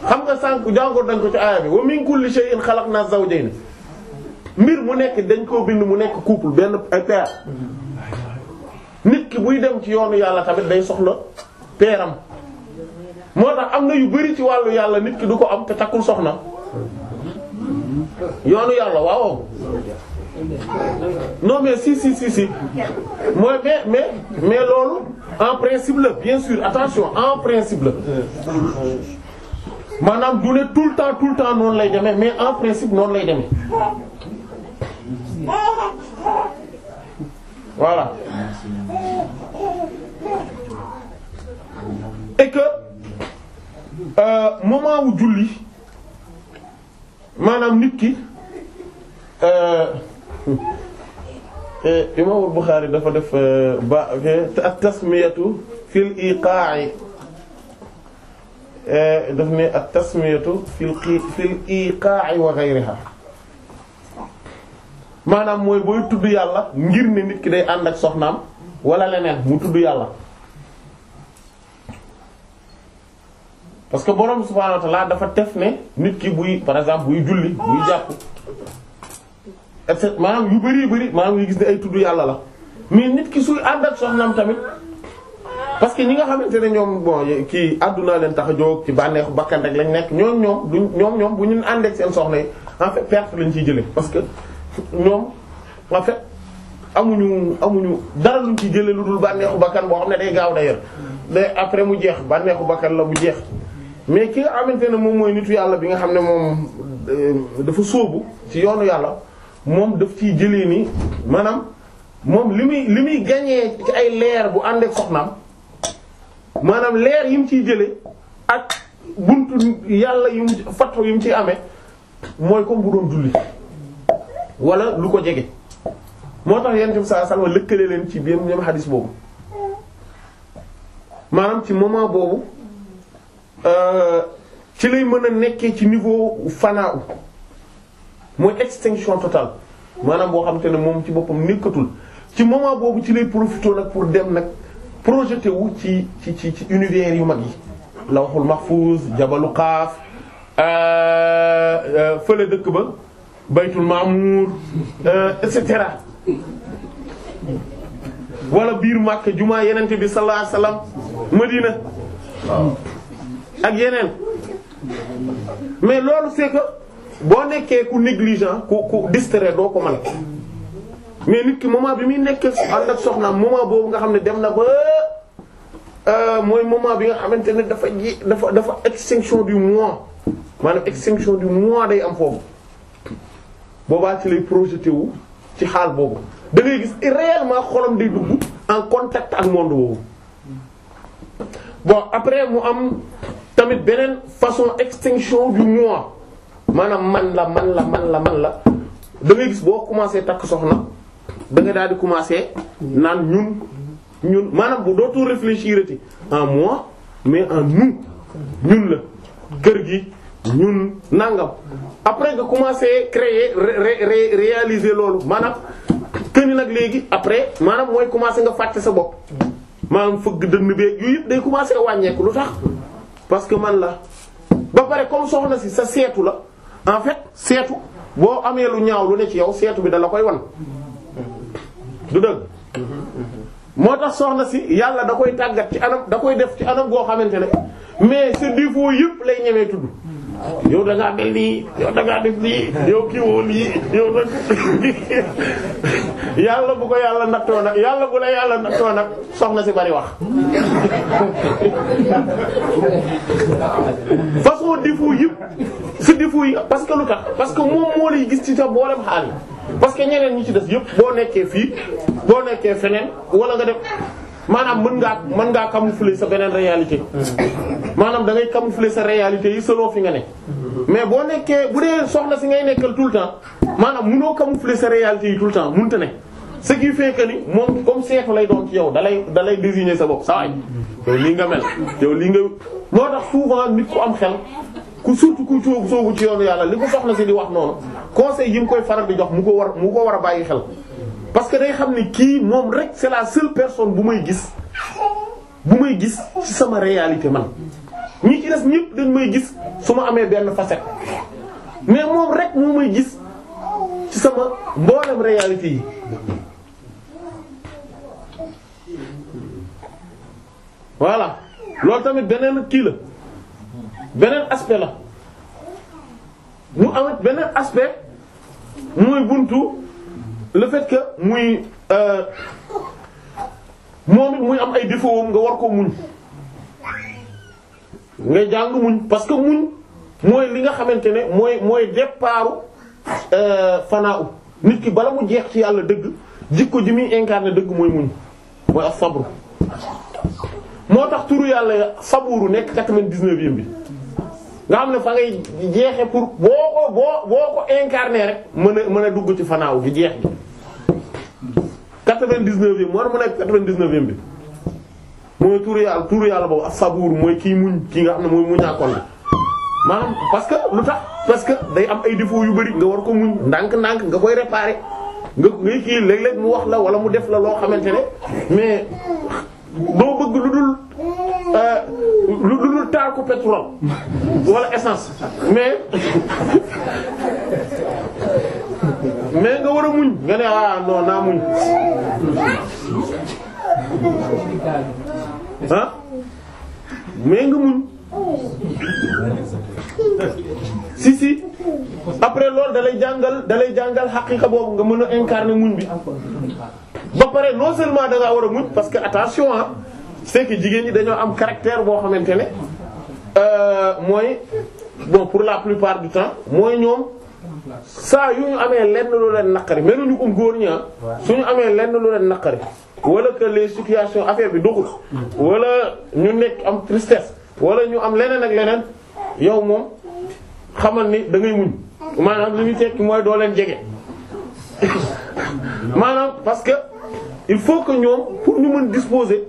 [SPEAKER 2] xam nga sànq jàngoor dañ ko ci aaya bi wa min kulli shay'in naa zawjayn mbir mu nekk dañ koo bind mu nekk couple benn ay paire nit ki buy dem ci yoonu yàlla tamit day soxla peeram moo tax am na yu bari ci wàllu yàlla nit ki du ko am te takkul soxna yoonu yàlla waaw non mais si si si mooy mais mais mais loolu en principe la bien sûr attention en principe la maanaam du ne tout le temps tout le temps noonu lay demee mais en principe noonu lay demee voilà et que euh, julli maanaam nit ki euh, eh, Imam Bukhari dafa def euh, ba ak tasmiyatu fil iqa'i Eh, daf ne at tasmiyatu fil fil iqaa'i wa ghayriha maanaam mooy booy tudd yàlla ngir ne nit ki day ànd ak soxnaam wala leneen mu tudd yàlla parce que borom subhaanahu wa dafa tef ne nit ki buy par exemple buy julli buy jàpp et maanaam yu bëri bari maanaam yu gis ne ay tudd yàlla la mais nit ki suy ànd ak soxnaam tamit parce que ñi nga xamante ne ñoom bon kii àdduna leen tax a jóg ci bànneexu bakkan rek lañ nekk ñoom ñoom duñ ñoom ñoom bu ñu ànd ak seen soxna yi en fait perte lañ ciy jëlee parce que ñoom en fait amuñu amuñu dara luñ ci jëlee lu dul bànneexu bakkan boo xam ne day gaaw d'ailleurs mais après mu jeex bànneexu bakkan la mu jeex mais ki nga xamante ne moom mooy nitu yàlla bi nga xam ne moom euh, dafa sóobu ci yoonu yàlla moom daf ciy jële ni maanaam moom li muy li muy gagné ci ay leer bu ànd ak soxnaam. maanaam leer yi mu ciy jëlee ak buntu yàlla yu mu fattu yu mu ciy amee mooy comme bu doon julli wala lu ko jege. moo tax yonent bi sallallahu alayhi lëkkale leen ci biir ñoom xadis boobu maanaam ci moment boobu euh, ci lay mën a nekkee ci niveau fanaaw mooy extinction totale maanaam boo xam te ne moom ci boppam nekkatul ci moment boobu ci lay profité nag pour dem nag. projeté wu ci ci ci ci univers yu mag yi lawhul mahfuz jabalu qaaf euh, euh, fële dëkk ba baytul maamuur euh, et cetera wala biir Makka jumaa yenente bi sallallahu alayhi Madina ak yeneen mais loolu c'est boo nekkee ku négligent ku ku distrait doo ko mën mais nit ki moment bi muy nekk ànd ak soxnaam moment boobu nga xam ne dem na ba euh, mooy moment bi nga xamante ne dafa ji dafa dafa extinction du moi maanaam extinction du moi day am foofu boobaa ci lay projeté ci xaal boobu da ngay gis réellement en contact ak monde bon après mu am tamit beneen façon extinction du moi maanaam man la man la man la man la da ngay gis boo commencé takk soxna da daal di commencer naan ñun ñun maanaam bu dootu réfléchirati en moi mais en nous ñun la kër gi ñun nangam après nga commencer créer ré réaliser loolu maanaam këni nag léegi après maanaam mooy commencer nga fàtte sa bopp maanaam fëgg dënn beeg yu yëpp day commencer wàññeeku lu tax parce que man la ba pare comme soxna si sa seetu la en fait seetu boo amee lu ñaaw lu ne ci yow seetu bi da la koy wan du dëgg moo tax soxna si yàlla da koy tàggat ci anam da koy def ci anam goo xamante ne mais sa défaut yëpp lay ñemee tudd yow da ngaa mel nii yow da ngaa def nii yow kii lii yow nag yàlla bu ko yàlla nattoo nag yàlla bu la yàlla nattoo nag soxna si bari wax. façon défaut yëpp sa défaut yi parce que lu tax parce que moom moo lay gis ci sa boolem xaalis. parce que ñeneen ñi ci des yëpp boo nekkee fii boo nekkee feneen wala nga dem maanaam mën ngaa mën ngaa camoufler sa beneen réalité maanaam dangay ngay camoufler sa réalité yi selon fi nga ne mais boo nekkee bu dee soxna si ngay nekkal tout le temps maanaam mënoo camoufler sa réalité yi tout le temps ne ce qui fait que ni moom comme seetu lay doon ci yow dalay dalay désigner sa bopp saa waay yow lii nga mel yow lii nga moo tax souvent nit ku am xel ku surtout ku soobu ci yoonu yàlla li ko soxla si di wax noonu conseil yi mu koy faral di jox mu ko war mu ko war a bàyyi xel parce que day xam ni kii moom rek c'est la seule personne bu may gis bu may gis ci sama réalité man ñi ci des ñëpp dañ may gis su ma amee benn facette mais moom rek moo may gis ci sama mboolem réalité yi voilà loolu tamit beneen kii la beneen aspect la mu am beneen aspect mooy buntu le fait que muy euh, moom it muy am ay défauts nga war ko muñ nga jàng muñ parce que muñ mooy li nga xamante ne mooy mooy départu euh, fanaaw nit ki bala mu jeex ci yàlla dëgg jikko ji muy incarné dëgg mooy muñ mooy ak sabru moo tax turu yàlla saburu nekk quatre-vingt-dix-neuvième bi nga xam ne fa ngay jeexe pour boo ko boo boo ko incarné rek mën a mën a dugg ci fanaaw gi jeex gi quatre-vingt-dix-neuf yi war mu nekk quatre-vingt-dix-neuvième bi mooy tur yàlla tur yàlla boobu as-sabuur mooy kii muñ kii nga xam ne mooy muñaakoon la maanaam parce que lu tax parce que day am ay défauts yu bari nga war ko muñ ndànk-ndànk nga koy réparer nga ngay kii léeg-léeg mu wax la wala mu def la loo xamante ne mais doo bëgg lu dul Euh, lu dul taal ko pétrole wala essence mais mais nga war a muñ nga ne ah non naa muñ ah mais nga muñ si si après loolu dalay jàngal dalay jàngal xaqiqa boobu nga mën a incarner muñ bi ba pare non seulement da ngaa war a muñ parce que attention ah. c'est jigéen ñi dañoo am caractère boo xamante ne euh, mooy bon pour la plupart du temps mooy ñoom saa yu ñu amee lenn lu leen naqari meluñu um góor ñi ah, su ñu amee lenn lu leen naqari wala que les situations affaire bi doxul wala ñu nekk am tristesse wala ñu am leneen ak leneen yow moom xamal ni da ngay muñ maanaam li ñu tekki mooy doo leen jege maanaam parce que il faut que ñoom pour ñu mën disposer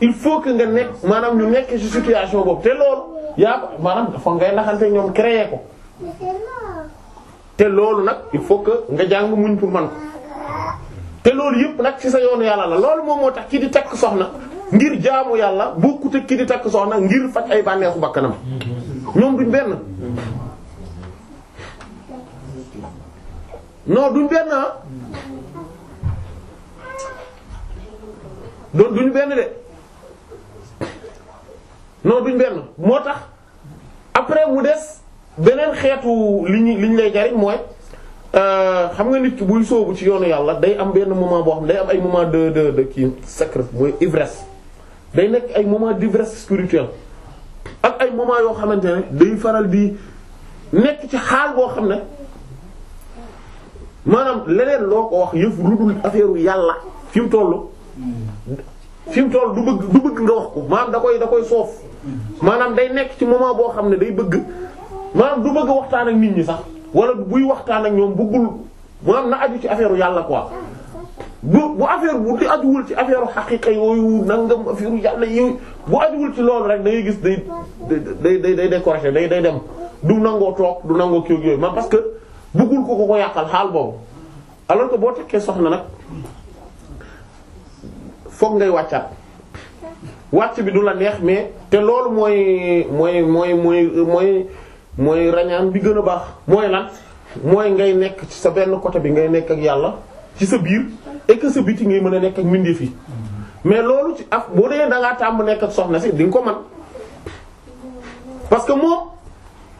[SPEAKER 2] il faut que nga nekk maanaam lu nekk ci situation boobu te loolu yaa ko maanaam dafa ngay naxante ñoom créer ko te loolu nag il faut que nga jàng muñ pour man ko te loolu yëpp nag ci sa yoonu yàlla la loolu moom moo tax ki di takk soxna ngir jaamu yàlla bokkut ak ki di takk soxna ngir faj ay bànneexu bakkanam ñoom duñ benn non duñ benn ah. duñ benn de non duñ benn moo tax après mu des beneen xeetu li ñu li ñu lay jariñ mooy euh, xam nga nit ki buy sóobu ci yoonu yàlla day am benn moment boo xam ne day am ay moment de de de kii sacré mooy ivresse day nekk ay moment d'ivresse spirituelle ak ay moment yoo xamante ne day faral di nekk ci xaal boo xam ne maanaam leneen loo ko wax yëf lu dul yàlla fi mu toll hmm. fi mu toll du bëgg du bëgg nga wax ko maanaam koy da koy soof maanaam day nekk ci moment boo xam ne day bëgg maanaam du bëgg waxtaan ak nit ñi sax wala buy waxtaan ak ñoom bëggul maanaam na aju ci affaire yàlla quoi. bu bu affaire bu di ajuwul ci affaire xaqiqa yooyu nangam affaire yàlla yooyu bu ajuwul ci loolu rek da gis day day day day décourager day day dem du nangoo toog du nangoo kii ma man parce que bëggul ko ko ko yàqal xaal boobu alors que boo tekkee soxna nag foog ngay wàccaat. wàcc bi du la neex mais te loolu mooy mooy mooy mooy mooy mooy rañaan bi gën a baax mooy lan mooy ngay nekk ci sa benn côté bi ngay nekk ak yàlla ci sa biir et que sa biti ngay mën a nekk ak mbindeef yi mais loolu ci ak boo dee da ngaa tàmb nekk ak soxna si di nga ko man parce que moom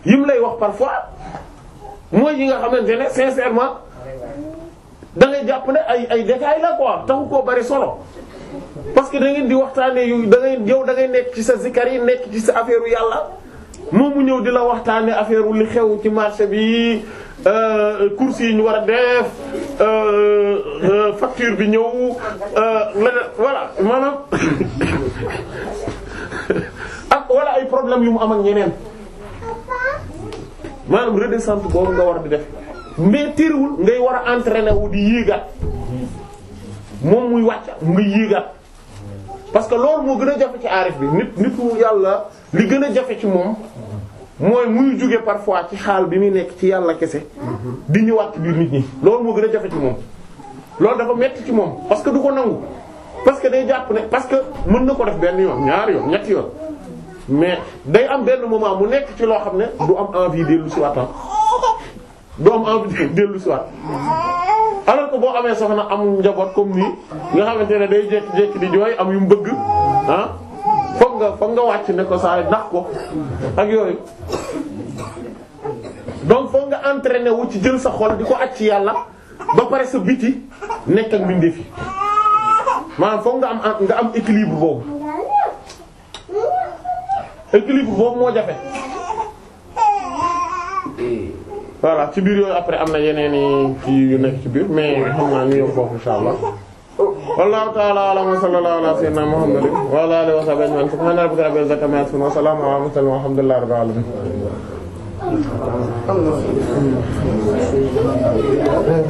[SPEAKER 2] yim lay wax parfois mooy yi nga xam ne sincèrement da ngay jàpp ne ay ay détails la quoi taxu koo bari solo. parce que da ngeen di waxtaanee yu da ngay yow da nekk ci sa zikar yi nekk ci sa affaire yàlla moom mu ñëw di la waxtaane affaire li xew ci marché bi euh, courses yi ñu war a def euh, euh, facture bi ñëw leneen voilà maanaam ak wala ay problème yu mu am ak ñeneen maanaam redescente boobu nga war di def mais téerewul ngay war a entraîner wu di yéegaat moom muy wàcc nga yéegaat. parce que loolu moo gën a jafe ci aarif bi nit nitu yàlla li gën a jafe ci moom mooy muy jóge parfois ci xaal bi muy nekk ci yàlla kese di ñëwaat ci biir nit ñi loolu moo gën a jafe ci moom loolu dafa metti ci moom parce que du ko nangu parce que day jàpp ne parce que mën na ko def benn yoon ñaari yoon ñetti yoon mais day am benn moment mu nekk ci loo xam ne du am envie dellu si waat doo am envie de dellu si waat alors que boo amee soxna amul njaboot comme nii nga xamante ne day jékki-jékki di jooy am yu mu bëgg ah nga foog nga wàcc ne ko saa ndax ko ak yooyu donc foog nga entraîner wu ci jël sa xol di ko acc yàlla ba pare sa biti nekk ak mbindeef yi maanaam foog nga am nga am équilibre boobu équilibre boobu moo jafe. voilà ci biir yooyu après am na yeneen i kii yu nekk ci biir mais xam naa ñu yom foofu insha allah wallahu ta'ala alam wa sallallahu ala sayyidina muhammadin wa ala alihi wa sahbihi ajma'in subhana rabbika rabbil izzati amma yasifun wa salamun ala mursalin walhamdulillahi rabbil alamin